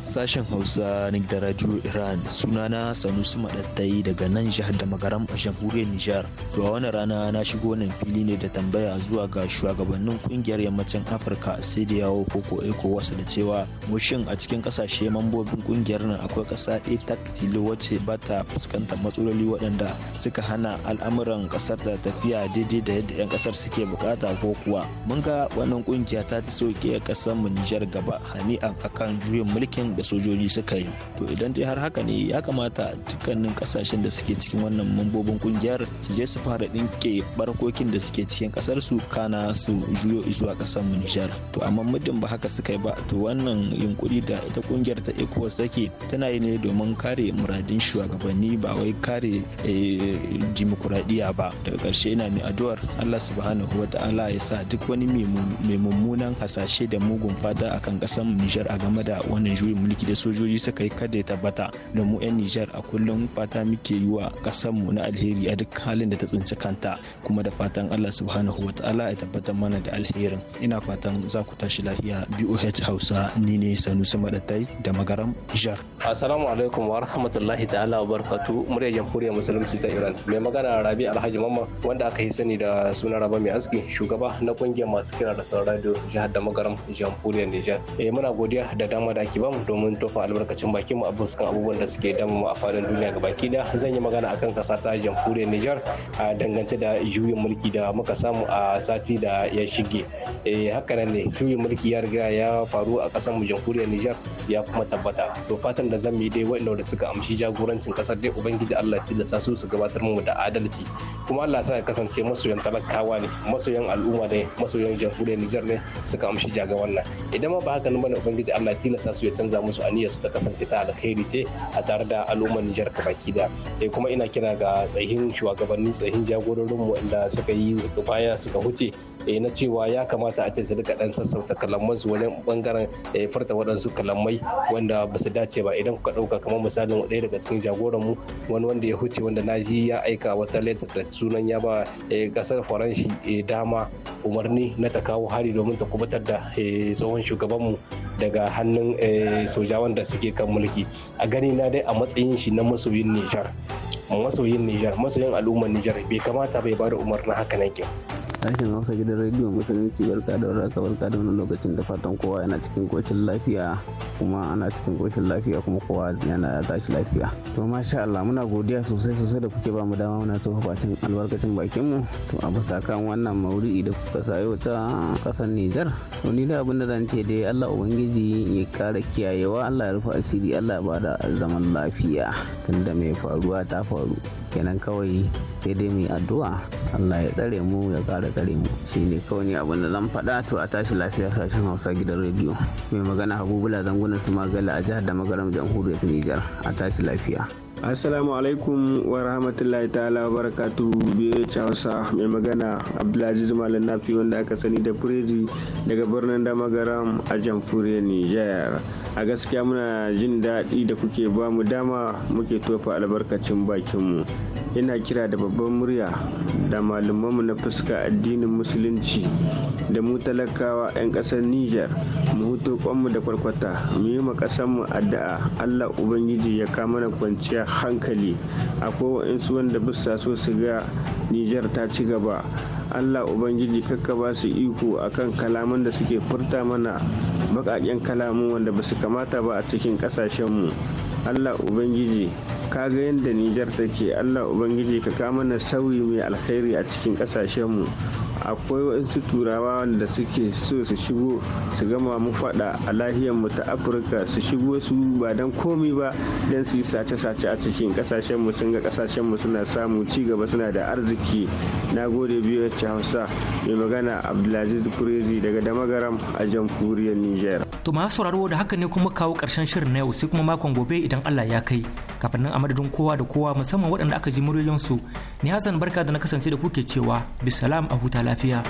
sashen hausa na da radio iran sunana sanusi madattai daga nan jihar da magaram a jamhuriyar nijar to a wani rana na shigo nan fili ne da tambaya zuwa ga shugabannin kungiyar yammacin afirka sai da yawo koko eko wasu da cewa mushin a cikin kasashe mambobin kungiyar nan akwai kasa ɗaya ta tilo wacce ba ta fuskantar matsaloli waɗanda suka hana al'amuran kasar da tafiya daidai da yadda 'yan kasar suke bukata ko kuwa mun ga wannan kungiya ta ta soke kasar mu nijar gaba hani'an akan juyin mulkin da sojoji suka yi to idan dai har haka ne ya kamata dukkanin kasashen da suke cikin wannan mambobin kungiyar su je su fara dinke barkokin da suke cikin kasar su kana su juyo zuwa kasar mu Nijar to amma muddin ba haka suka yi ba to wannan yunkuri da ita kungiyar ta ECOWAS take tana yi ne domin kare muradin shugabanni ba wai kare eh, dimokuraɗiyya ba daga karshe ina mai addu'ar Allah subhanahu wa ta'ala ya sa duk wani mai mummunan hasashe da mugun fata akan kasar Nijar a game da wannan juyin mulki da sojoji suka yi kada ya tabbata da mu 'yan Nijar a kullum fata muke yi wa kasar mu na alheri a duk halin da ta tsinci kanta kuma da fatan Allah subhanahu wa ta'ala ya tabbatar mana da alherin ina fatan za ku tashi lafiya BOH Hausa ni ne Sanusi Madatai da Magaram Nijar Assalamu alaikum wa rahmatullahi ta'ala wa barakatu muryar jamhuriyar musulunci ta Iran mai magana Rabi Alhaji Mamman wanda aka yi sani da sunan Raba mai aski shugaba na kungiyar masu kira da sauran radio jihar da Magaram jamhuriyar Nijar Eh, muna godiya da dama da ake bamu domin tofa albarkacin bakin mu a buskan abubuwan da suke damu mu a fadin duniya baki da zan yi magana akan kasa ta jamhuriyar Nijar a dangance da juyin mulki da muka samu a sati da ya shige eh, haka nan ne juyin mulki ya riga ya faru a kasar mu jamhuriyar Nijar ya kuma tabbata to fatan da zan yi dai wa'anda da suka amshi jagorancin kasar dai ubangiji Allah tilasta su su gabatar mu da adalci kuma Allah sa ya kasance masoyan talakawa ne masoyan al'umma ne masoyan jamhuriyar Nijar ne suka amshi jaga wannan idan ma ba haka fatan mana ubangiji Allah tilasta su ya canza musu aniyar su ta kasance ta alkhairi ce a tare da al'umman Nijar ta baki da eh kuma ina kira ga tsahin shugabannin tsahin jagororin mu inda suka yi baya suka huce eh na cewa ya kamata a ce su rika dan sassauta kalamansu wajen bangaren eh, furta waɗansu kalamai wanda ba su dace ba idan kuka ɗauka kamar misalin ɗaya daga cikin jagoran mu wani wanda ya huce wanda na ji ya aika wata letter da sunan ya ba gasar eh, faranshi eh, dama umarni na ta kawo hari domin ta kubutar da tsohon shugaban mu daga hannun eh, sojawan da suke kan mulki a gani na dai a matsayin shi na masoyin nijar masoyin nijar masoyin al'ummar nijar bai kamata bai da umarnin haka na nan Sashen Hausa gidan rediyon Musulunci barka da warhaka barka da wani lokacin da fatan kowa yana cikin koshin lafiya kuma ana cikin koshin lafiya kuma kowa yana tashi lafiya. To masha Allah muna godiya sosai sosai da kuke ba mu dama muna tofa bacin albarkacin bakin mu to a bisa kan wannan mauri'i da kuka sayo ta kasar Nijar. To ni da abin da zan ce dai Allah ubangiji ya kara kiyayewa Allah ya rufe asiri Allah ya bada zaman lafiya tunda mai faruwa ta faru kenan kawai sai dai mu yi addu'a Allah ya tsare mu ya kara da gare mu shi ne kawai ne abin da zan faɗa to a tashi lafiya sashen hausa gidan rediyo mai magana habubula zangunan su magala a jihar da magaram jamhuriyar nijar a tashi lafiya. Assalamu alaikum wa rahmatullahi ta'ala wa barakatu biyu Hausa mai magana Abdulaziz Malam Nafi wanda aka sani da Prezi daga birnin Damagaram a Jamfuriyar Nijar. A gaskiya muna jin daɗi da kuke ba mu dama muke tofa albarkacin bakinmu. Ina kira da babban murya da malumanmu na fuska addinin musulunci da mu talakawa 'yan ƙasar Nijar mu hutu kwanmu da kwarkwata mu yi ma ƙasarmu addu'a Allah Ubangiji ya kama na kwanciya hankali akwai waɗansu wanda bisa so su ga nijar ta ci gaba allah ubangiji kakka ba su iko akan kalaman da suke furta mana baƙaƙen kalamu wanda ba su kamata ba a cikin ƙasashenmu allah ubangiji ka ga yadda nijar take allah ubangiji ka kama na sauyi mai alkhairi a cikin ƙasashenmu akwai waɗansu turawa wanda suke so su shigo su gama mu faɗa a lahiyar mu ta afirka su shigo su ba dan komi ba don su yi sace-sace a cikin kasashen mu sun ga kasashen mu suna samu ci gaba suna da arziki na gode biyu hausa mai magana abdulaziz kurezi daga damagaram a jamhuriyar niger to masu sauraro da haka ne kuma kawo karshen shirin na yau sai kuma makon gobe idan allah ya kai kafin nan a madadin kowa da kowa musamman waɗanda aka ji muryoyinsu ni hassan barka da na kasance da kuke cewa bisalam a huta lafiya.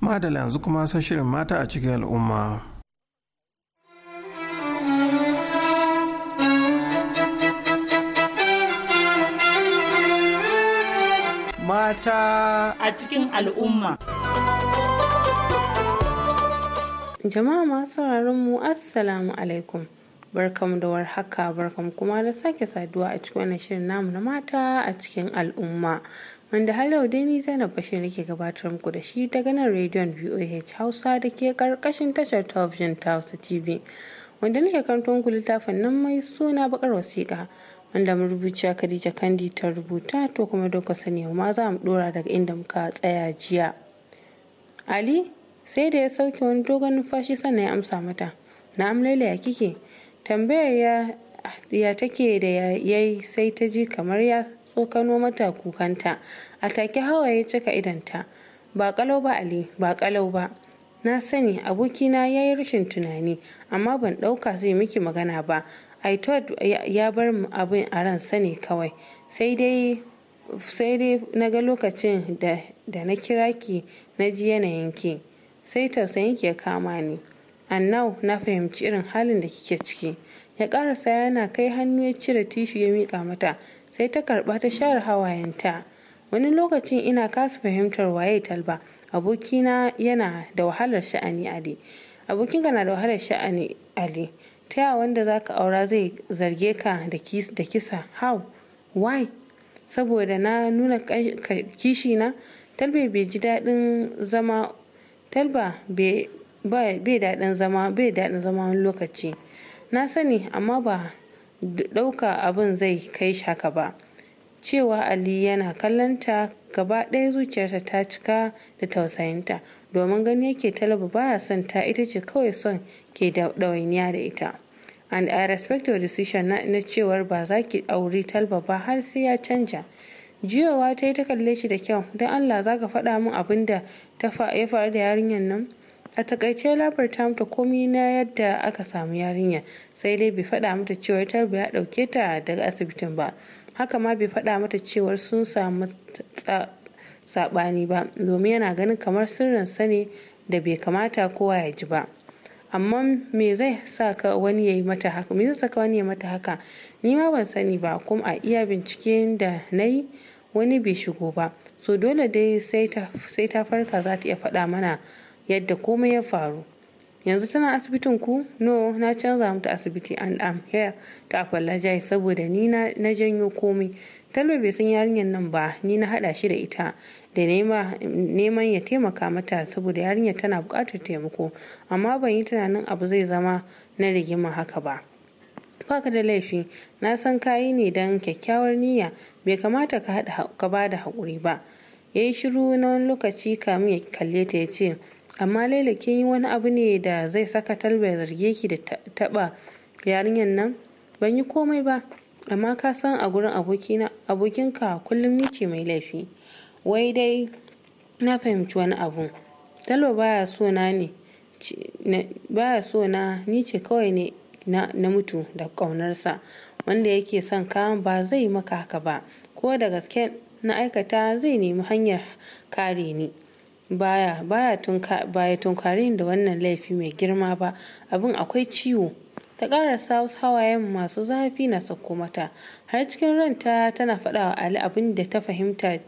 Madala yanzu kuma sashirin mata a cikin al'umma. mata a cikin al'umma. Jama'a masu sauraron mu Assalamu alaikum. Barkamu da warhaka, barkamu kuma da sake saduwa a cikin wannan shirin namu na mata a cikin al'umma. Wanda har yau dai ni Zainab Bashir nake gabatar muku da shi daga nan rediyon VOH Hausa da ke karkashin tashar Television ta Hausa TV. Wanda nake karanto muku littafin nan mai suna bakar wasiƙa. Wanda marubuciya Khadija Kandi ta rubuta to kuma doka sani ma za mu dora daga inda muka tsaya jiya. Ali sai da ya sauke wani dogon numfashi sannan ya amsa mata na'am laila ya kike tambayar ya ya take da ya yi sai ta ji kamar ya tsokano mata kukanta a take hawa ya cika idanta ba kalau ba ali ba kalau ba na sani abokina ya yi rashin tunani amma ban ɗauka zai miki magana ba i thought ya bar abin a ran sani kawai sai dai sai dai na ga lokacin da na kira ki na ji yanayinki sai tausayin ki ya kama ni annau na fahimci irin halin da kike ciki ya karasa yana kai hannu ya cire tishu ya mika mata sai ta karba ta share hawayenta wani lokacin ina kasa fahimtar waye talba abokina yana da wahalar sha'ani ali abokinka na da wahalar sha'ani ali ta yawa wanda za ka aura zai zarge ka da kisa how why saboda na nuna kishina na talbe bai ji daɗin zama talba bai daɗin zama bai daɗin zama wani lokaci na sani amma ba ɗauka abin zai kai shaka ba cewa ali yana kallonta gaba ɗaya zuciyarta ta cika da tausayinta domin gani yake talaba baya son ta ita ce kawai son ke ɗawainiya da ita and i respect your decision na, cewa cewar ba za ki auri talba ba har sai ya canja jiyowa ta yi ta kalle shi da kyau don allah za ka faɗa min abin da ya faru da yarinyar nan a takaice labar ta mata komi na yadda aka samu yarinya sai dai bai faɗa mata cewar talba ya ɗauke ta daga asibitin ba haka ma bai faɗa mata cewar sun samu saɓani ba domin yana ganin kamar sirrin sani da bai kamata kowa ya ji ba amma me zai saka wani ya yi mata haka me mata haka ni ma ban sani ba kuma a iya binciken da na yi wani bai shigo ba so dole dai sai ta farka za ta iya faɗa mana yadda komai ya faru yanzu tana asibitin ku no na canza mata asibiti an am here ta jai saboda ni na janyo komai talo bai san yarinyar nan ba ni na hada shi da ita da neman ya taimaka mata saboda yarinyar tana bukatar taimako amma ban yi tunanin abu zai zama na rigima haka ba baka da laifi na san kayi ne don kyakkyawar niyya bai kamata ka ka ba da haƙuri ba ya yi shiru na wani lokaci kamin ya kalle ta ya ce amma laila kin yi wani abu ne da zai saka talba ya zarge ki da taba yarinyar nan ban yi komai ba amma ka san a gurin abokinka kullum ni ce mai laifi wai dai na fahimci wani abu talba baya so na so na ni ce kawai ne na mutu da ƙaunarsa wanda yake son ka ba zai maka haka ba ko da gaske na aikata zai nemi hanyar kare ni baya baya tunkari da wannan laifi mai girma ba abin akwai ciwo ta ƙara wasu hawayen masu zafi na sauko mata har cikin ranta tana faɗa wa ali abin da ta fahimta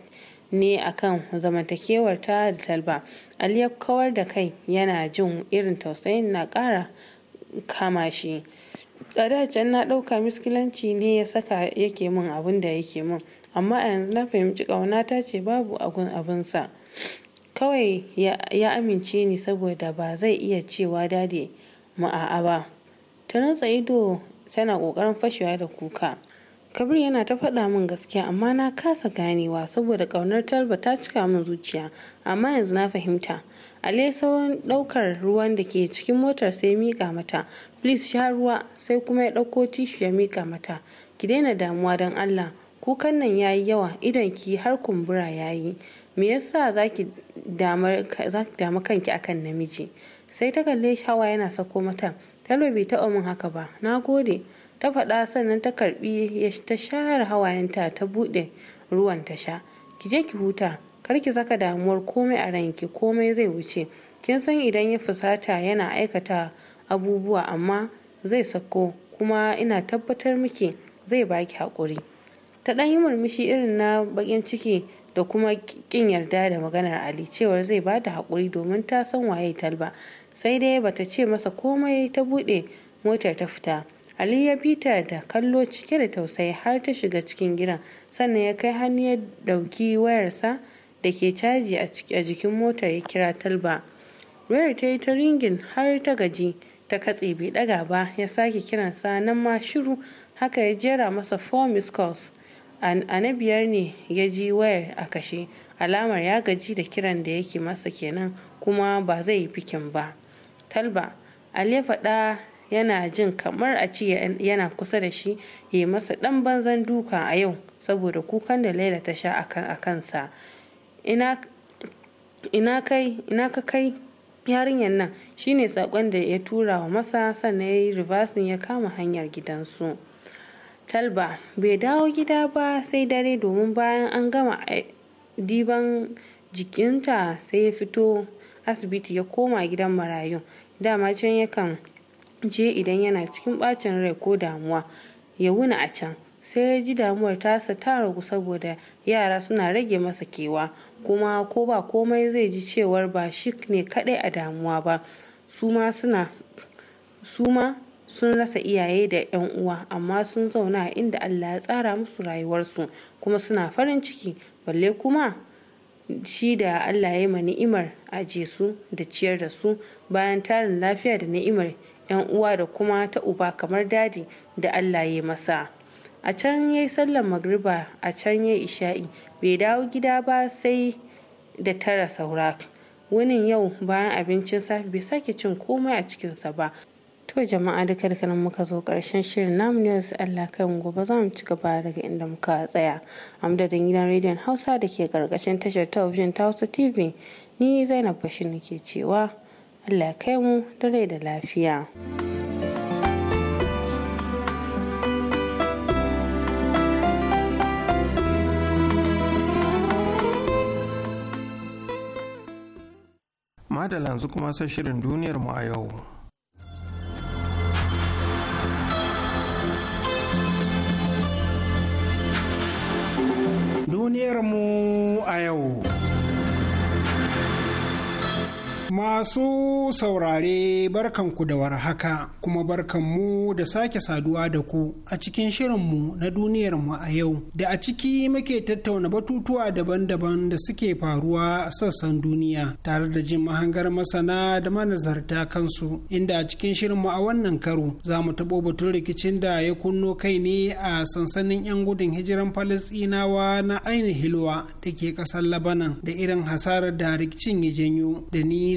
ne akan zamantakewar ta da talba ali ya kawar da kai yana jin irin tausayin na ƙara kama shi a da can na ɗauka miskilanci ne ya saka yake min abin da yake min amma a yanzu na fahimci ta ce babu agun abinsa kawai ya amince ni saboda ba zai iya cewa dade mu a'a ba ta rantsa ido tana ƙoƙarin fashewa da kuka kabir yana ta faɗa min gaskiya amma na kasa ganewa saboda ƙaunar talba ta cika min zuciya amma yanzu na fahimta ale sauran ɗaukar ruwan da ke cikin motar sai ya mika mata please sha ruwa sai kuma ya ɗauko tishu ya mika mata ki daina damuwa don allah kukan nan yayi yawa idan ki har kumbura yayi me yasa zaki damu kanki akan namiji sai ta kalle shi hawa yana sako mata talo bai taɓa min haka ba na gode ta faɗa sannan ta karɓi ta share hawayenta ta buɗe ruwan ta sha ki je ki huta kar ki saka damuwar komai a ranki komai zai wuce kin san idan ya fusata yana aikata abubuwa amma zai sako kuma ina tabbatar miki zai baki haƙuri ta ɗan yi murmushi irin na baƙin ciki da kuma ƙin yarda da maganar ali cewar zai ba da haƙuri domin ta san waye talba sai dai bata ce masa komai ta buɗe motar ta fita ali ya bi ta da kallo cike da tausayi har ta shiga cikin gidan sannan ya kai hannu ya ɗauki wayarsa da ke caji a jikin motar ya kira talba wayar ta yi ta ringin har ta gaji ta katse bai daga ba ya sake kiran sa nan ma shiru haka ya jera masa four miss calls a na biyar ne ya ji wayar a kashe alamar ya gaji da kiran da yake masa kenan kuma ba zai yi fikin ba talba ale faɗa yana jin kamar a ce yana kusa da shi ya yi masa ɗan banzan duka a yau saboda kukan da laila ta sha a kansa ina ka kai yarinyar nan shine saƙon da ya tura wa masa sannan ya yi ribasin ya kama hanyar gidansu talba bai dawo gida ba sai dare domin bayan an gama eh, diban jikinta sai ya fito asibiti ya koma gidan marayu dama can yakan je idan yana cikin bacin rai ko damuwa ya wuna a can sai ya ji damuwar tasa ta ragu saboda yara suna rage masa kewa kuma ko ba komai zai ji cewar ba shi ne kadai a damuwa ba su ma sun rasa iyaye da 'yan uwa amma sun zauna inda Allah ya tsara musu rayuwarsu kuma suna farin ciki balle kuma shi da Allah ya yi ma ni'imar aje su da ciyar da su bayan tarin lafiya da ni'imar 'yan uwa da kuma ta uba kamar dadi da Allah ya masa. a can ya yi sallar magriba a can ya isha'i bai dawo gida ba sai da tara saura wunin yau bayan abincin safe bai sake cin komai a cikinsa ba to jama'a da nan muka zo karshen shirin namu ne wasu allah kai mu gobe za mu ci gaba daga inda muka tsaya a madadin gidan rediyon hausa da ke karkashin tashar talabijin ta hausa tv ni zainab bashir nake cewa allah kai mu da rai da lafiya. madala yanzu kuma sai shirin duniyar mu a yau. Duniyar mu a yau. Masu saurare barkanku da warhaka kuma barkanmu da sake saduwa da ku a cikin shirinmu na duniyarmu a yau da a ciki muke tattauna batutuwa daban-daban da suke faruwa a sassan duniya tare da jin mahangar masana da manazarta kansu inda a cikin shirinmu a wannan karo za mu taɓo batun rikicin da ya kunno kai ne a sansanin 'yan gudun hijiran Falasɗinawa na ainihilwa da ke ƙasar Labanan da irin hasarar da rikicin ya janyo da ni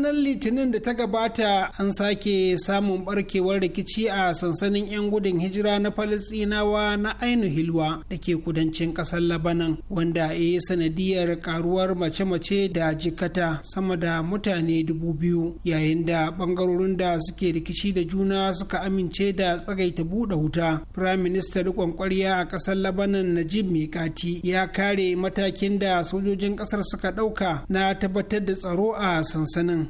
ranar litinin da ta gabata an sake samun barkewar rikici a sansanin 'yan gudun hijira na falisinawa na ainu hilwa da ke kudancin kasar labanan wanda ya yi sanadiyar karuwar mace-mace da jikata sama da mutane dubu biyu yayin da bangarorin da suke rikici da juna suka amince da tsagaita buɗe wuta firayim minista riƙon a kasar labanan najib mikati ya kare matakin da sojojin kasar suka ɗauka na tabbatar da tsaro a sansanin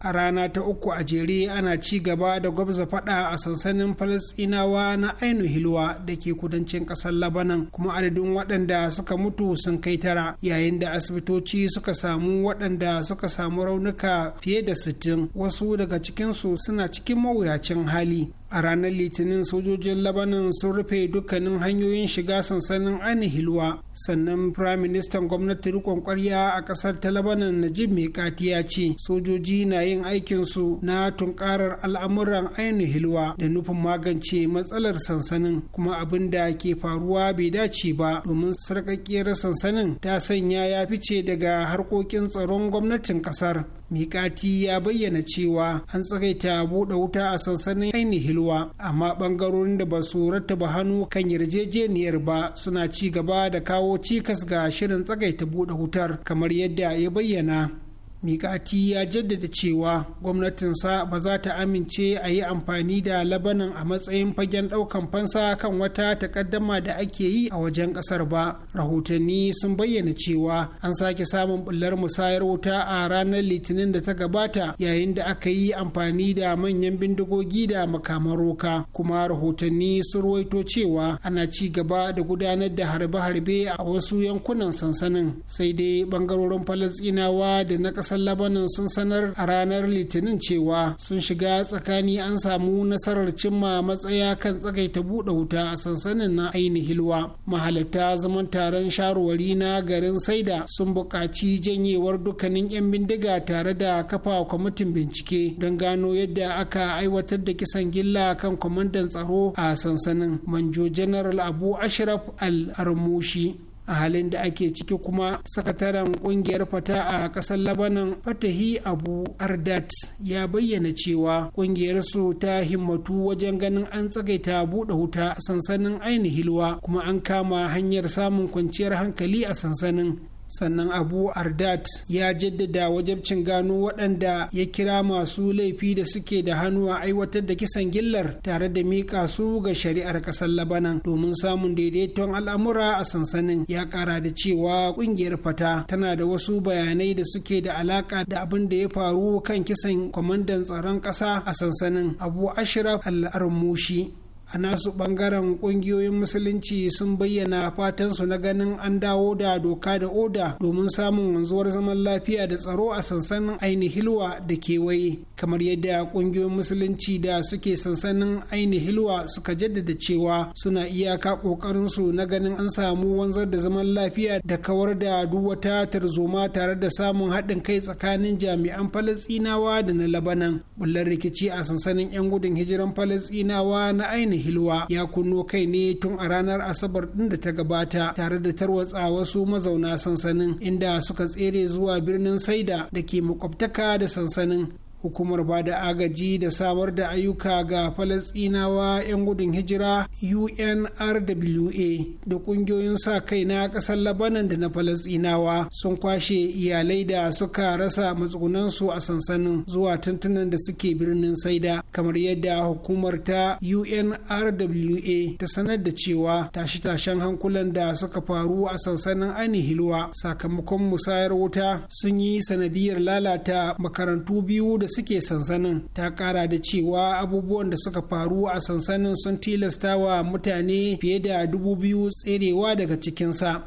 a rana ta uku a jere ana ci gaba da gwabza fada a sansanin falasinawa na ainu hilwa da ke kudancin kasar labanan kuma adadin waɗanda suka mutu sun kai tara yayin da asibitoci suka samu waɗanda suka samu raunuka fiye da sittin wasu daga cikinsu suna cikin mawuyacin hali a ranar litinin sojojin labanan sun rufe dukkanin hanyoyin shiga sansanin anihilwa sannan firaministan gwamnati rikon kwarya a ƙasar ta labanan najib mai ya ce sojoji na yin aikinsu na tunkarar al'amuran ainihin hilwa da nufin magance matsalar sansanin kuma abin da ke faruwa bai dace ba domin sarƙaƙƙiyar sansanin ta sanya ya fice daga harkokin tsaron gwamnatin ƙasar mikati ya bayyana cewa an tsakaita buɗe wuta a sansanin ainihilwa amma bangarorin da ba su rattaba hannu kan yarjejeniyar ba suna ci gaba da kawo cikas ga shirin tsakaita buɗe wutar kamar yadda ya bayyana mikati ya jaddada cewa gwamnatinsa ba za ta amince a yi amfani da labanin a matsayin fagen daukan fansa kan wata takaddama da ake yi a wajen ƙasar ba rahotanni sun bayyana cewa an sake samun bullar musayar wuta a ranar litinin da ta gabata yayin da aka yi amfani da manyan bindigogi da makaman roka kuma rahotanni sun ruwaito cewa ana ci gaba da gudanar da harbe-harbe a wasu yankunan sansanin sai dai bangarorin falasɗinawa da na kasar labanin sun sanar a ranar litinin cewa sun shiga tsakani an samu nasarar cimma matsaya kan tsakaita buɗe wuta a sansanin na ainihilwa mahalatta zaman taron sharowari na garin saida sun buƙaci janyewar dukkanin 'yan bindiga tare da kafa kwamitin bincike don gano yadda aka aiwatar da kisan gilla kan kwamandan tsaro a sansanin manjo janaral abu ashraf al-armushi a halin da ake ciki kuma sakataren kungiyar fata a kasar labanan fatahi abu ardat ya bayyana cewa kungiyar su ta himmatu wajen ganin an tsagaita buɗe wuta a sansanin ainihilwa kuma an kama hanyar samun kwanciyar hankali a sansanin sannan abu ardat ya jaddada wajabcin gano waɗanda ya kira masu laifi da suke da hannu a aiwatar da kisan gillar tare da miƙa su ga shari'ar ƙasar labanan domin samun daidaiton al'amura a sansanin ya ƙara da cewa ƙungiyar fata tana da wasu bayanai da suke da alaƙa da abin da ya faru kan kisan kwamandan tsaron ƙasa a sansanin abu ashraf al'armushi a nasu bangaren kungiyoyin musulunci sun bayyana fatan su na ganin an dawo da doka da oda domin samun wanzuwar zaman lafiya da tsaro a sansanin ainihilwa da kewaye kamar yadda kungiyoyin musulunci da suke sansanin ainihilwa suka jaddada cewa suna iyaka kokarinsu na ganin an samu wanzar da zaman lafiya da kawar da duk wata tarzoma tare da samun haɗin kai tsakanin jami'an falastinawa da na labanan bullar rikici a sansanin 'yan gudun hijiran falastinawa na ainihin hilwa ya kunno kai ne tun a ranar asabar din da ta gabata tare da tarwatsa wasu mazauna sansanin inda suka tsere zuwa birnin saida da ke makwabtaka da sansanin hukumar ba da agaji da samar da ayyuka ga falasinawa 'yan gudun hijira unrwa da ƙungiyoyin sa kai na kasar labanan da na falasinawa sun kwashe iyalai da suka rasa matsugunansu a sansanin zuwa tuntunan da suke birnin saida kamar yadda hukumar ta unrwa ta sanar da cewa tashe-tashen hankulan da suka faru a sansanin anihilwa sakamakon musayar wuta sun yi sanadiyar lalata makarantu biyu da da suke sansanin ta kara da cewa abubuwan da suka faru a sansanin sun tilasta wa mutane fiye da dubu biyu tserewa daga cikinsa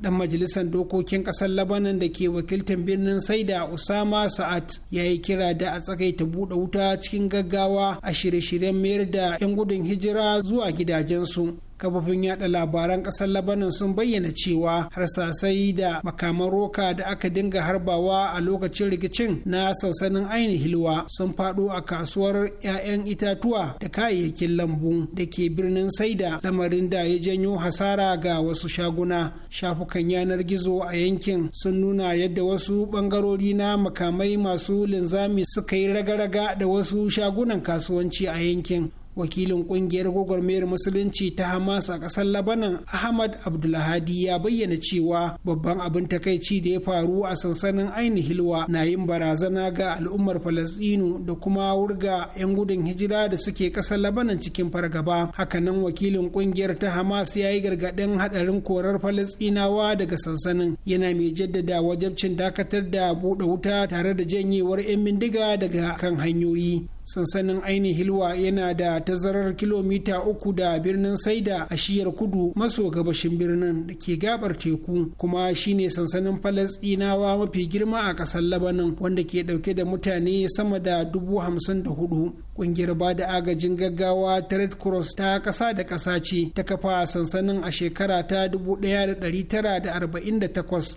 dan majalisar dokokin kasar labanan da ke wakiltar birnin saida usama sa'ad ya yi kira da a tsakaita buɗe wuta cikin gaggawa a shirye-shiryen mayar da 'yan gudun hijira zuwa gidajensu kafofin yada labaran kasar labanin sun bayyana cewa harsasai da makaman roka da aka dinga harbawa a lokacin rikicin na sansanin ainihin hilwa sun fado a kasuwar 'ya'yan itatuwa da kayayyakin lambu da ke birnin saida lamarin da ya janyo hasara ga wasu shaguna shafukan yanar gizo a yankin sun nuna yadda wasu bangarori na makamai masu linzami suka yi raga-raga da wasu shagunan kasuwanci a yankin wakilin kungiyar gwagwarmayar musulunci ta hamas a kasar labanan ahmad abdulhadi ya bayyana cewa babban abin takaici da ya faru a sansanin ainihilwa na yin barazana ga al'ummar falasɗinu da kuma wurga 'yan gudun hijira da suke ƙasar labanan cikin fargaba hakanan wakilin kungiyar ta hamas ya yi gargaɗin haɗarin korar falasɗinawa daga sansanin yana mai jaddada wajabcin dakatar da buɗe wuta tare da janyewar 'yan bindiga daga kan hanyoyi sansanin ainihilwa yana da tazarar kilomita uku da birnin saida a shiyar kudu maso gabashin birnin da ke gabar teku kuma shine sansanin falasɗinawa mafi girma a kasar labanin wanda ke dauke da mutane sama da dubu hamsin da hudu ƙungiyar ba da agajin gaggawa ta red cross ta kasa da kasa ce ta kafa sansanin a shekara ta 1948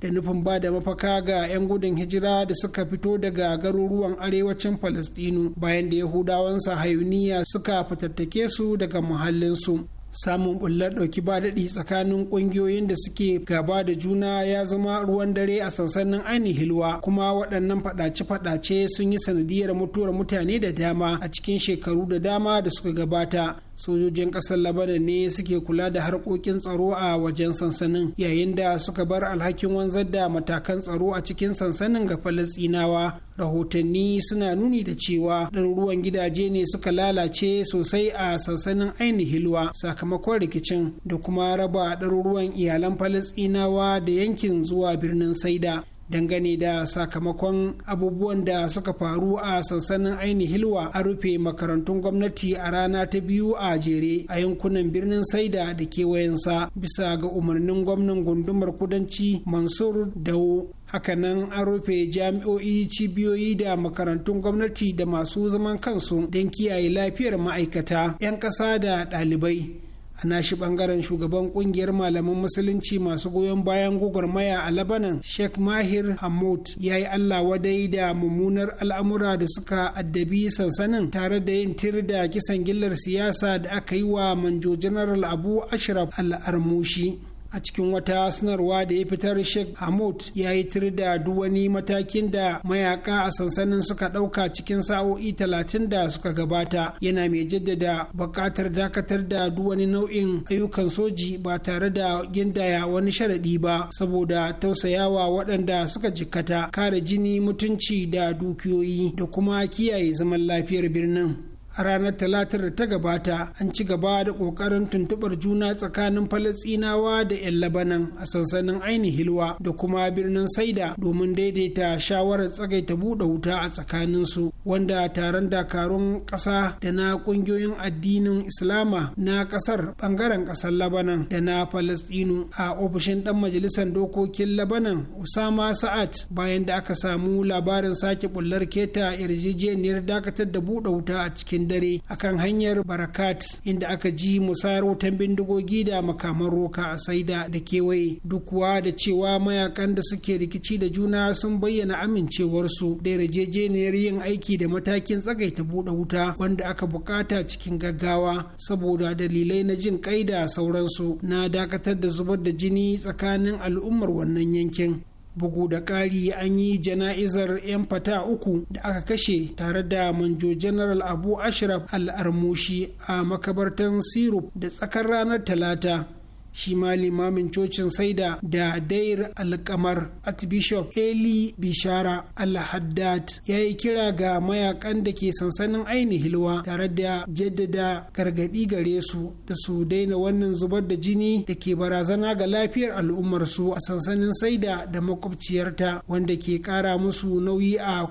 da nufin ba da mafaka ga 'yan gudun hijira da suka fito daga garuruwan arewacin falasɗinu bayan da yahudawan sahayuniya suka fatattake su daga muhallinsu samun bullar ɗauki ba daɗi tsakanin ƙungiyoyin da suke gaba da juna ya zama ruwan dare a sansanin ainihilwa kuma waɗannan faɗace-faɗace sun yi sanadiyar mutuwar mutane da dama a cikin shekaru da dama da suka gabata sojojin kasar labanan ne suke kula da harkokin tsaro a wajen sansanin yayin da suka bar alhakin wanzar da matakan tsaro a cikin sansanin ga falastinawa rahotanni suna nuni da cewa ɗaruruwan gidaje ne suka lalace sosai a sansanin ainihilwa sakamakon rikicin da kuma raba ɗaruruwan iyalan falastinawa da yankin zuwa birnin saida dangane da sakamakon abubuwan da suka faru a sansanin ainihilwa a rufe makarantun gwamnati a rana ta biyu a jere a yankunan birnin saida da kewayensa bisa ga umarnin gwamnan gundumar kudanci mansur dawo hakanan an rufe jami'o'i cibiyoyi da makarantun gwamnati da masu zaman kansu don kiyaye lafiyar ma'aikata 'yan ƙasa da ɗalibai a nashi bangaren shugaban kungiyar malaman musulunci masu goyon bayan Maya a labanan sheikh mahir hamoud ya yi allah wadai da mummunar al'amura da suka addabi sansanin tare da yin tir da kisan gillar siyasa da aka yi wa manjo general abu ashraf al'armushi a cikin wata sanarwa da ya fitar sheikh hamud ya yi tir da duk wani matakin da mayaka a sansanin suka ɗauka cikin sa'o'i talatin da suka gabata yana mai jaddada buƙatar dakatar da duk wani nau'in ayyukan soji ba tare da gindaya wani sharaɗi ba saboda tausayawa waɗanda suka jikkata kare jini mutunci da dukiyoyi da kuma kiyaye zaman lafiyar birnin a ranar talatar da ta gabata an ci gaba da kokarin tuntubar juna tsakanin falasinawa da 'yan labanan a sansanin ainihilwa da kuma birnin saida domin daidaita shawarar tsagaita buɗe wuta a tsakanin su wanda taron dakarun ƙasa da na ƙungiyoyin addinin islama na ƙasar ɓangaren ƙasar labanan da na falasɗinu a ofishin ɗan majalisar dokokin labanan usama sa'ad bayan da aka samu labarin sake bullar keta yarjejeniyar dakatar da buɗe wuta a cikin cikin dare akan hanyar barakat inda aka ji musayar wutan bindigogi da makaman roka a saida da kewaye duk kuwa da cewa mayakan da suke rikici da juna sun bayyana amincewarsu da yarjejeniyar yin aiki da matakin tsagaita buɗe wuta wanda aka bukata cikin gaggawa saboda dalilai na jin kai da sauransu na dakatar da zubar da jini tsakanin al'ummar wannan yankin bugu da ƙari an yi jana'izar 'yan fata uku da aka kashe tare da manjo general abu ashraf al armushi a makabartan sirup da tsakar ranar talata shi ma limamin cocin saida da dair alkamar archbishop eli bishara alhaddad ya yi kira ga mayakan da ke sansanin ainihilwa tare da jaddada gargadi gare su da su daina wannan zubar da jini da ke barazana ga lafiyar al'ummarsu a sansanin saida da makwabciyarta wanda ke kara musu nauyi a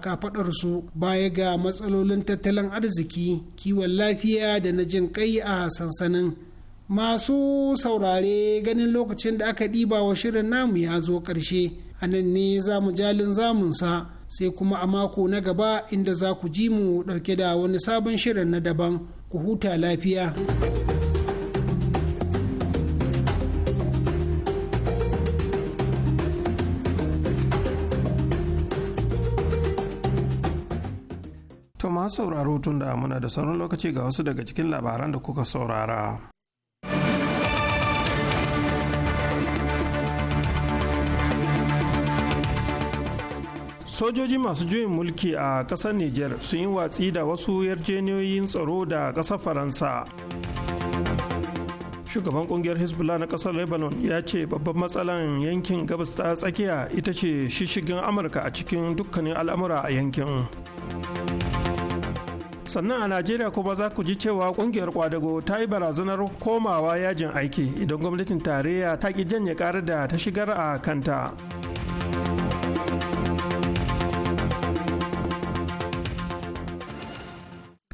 su baya ga matsalolin tattalin arziki kiwon lafiya da na jin kai a sansanin masu saurare ganin lokacin da aka ɗiba wa shirin namu ya zo ƙarshe a nan ne za mu jalin zamunsa sai kuma a mako na gaba inda za ku ji mu ɗauke da wani sabon shirin na daban ku huta lafiya. To masu sauraro tun da muna da sauran lokaci ga wasu daga cikin labaran da kuka saurara. sojoji masu juyin mulki a ƙasar niger sun yi watsi da wasu yarjeniyoyin tsaro da ƙasar faransa shugaban kungiyar hezbollah na kasar lebanon ya ce babban matsalan yankin gabas ta tsakiya ita ce shishigin amurka a cikin dukkanin al'amura a yankin sannan a najeriya kuma za ku ji cewa kungiyar kwadago ta yi barazanar komawa yajin aiki idan gwamnatin tarayya ta ki janye karar da ta shigar a kanta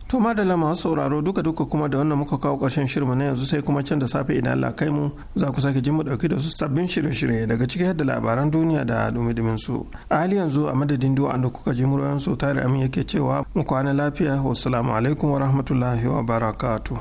To madalla masu sauraro duka duka kuma da wannan muka kawo ƙarshen shirma na yanzu sai kuma can da safe idan Allah kai mu za ku sake jin mu dauki da su sabbin shirye-shirye daga ciki yadda labaran duniya da dumi-dumin su. A hali yanzu a madadin duwa da kuka ji muryoyin su tare amin yake cewa mu kwana lafiya wassalamu alaikum wa rahmatullahi wa barakatu.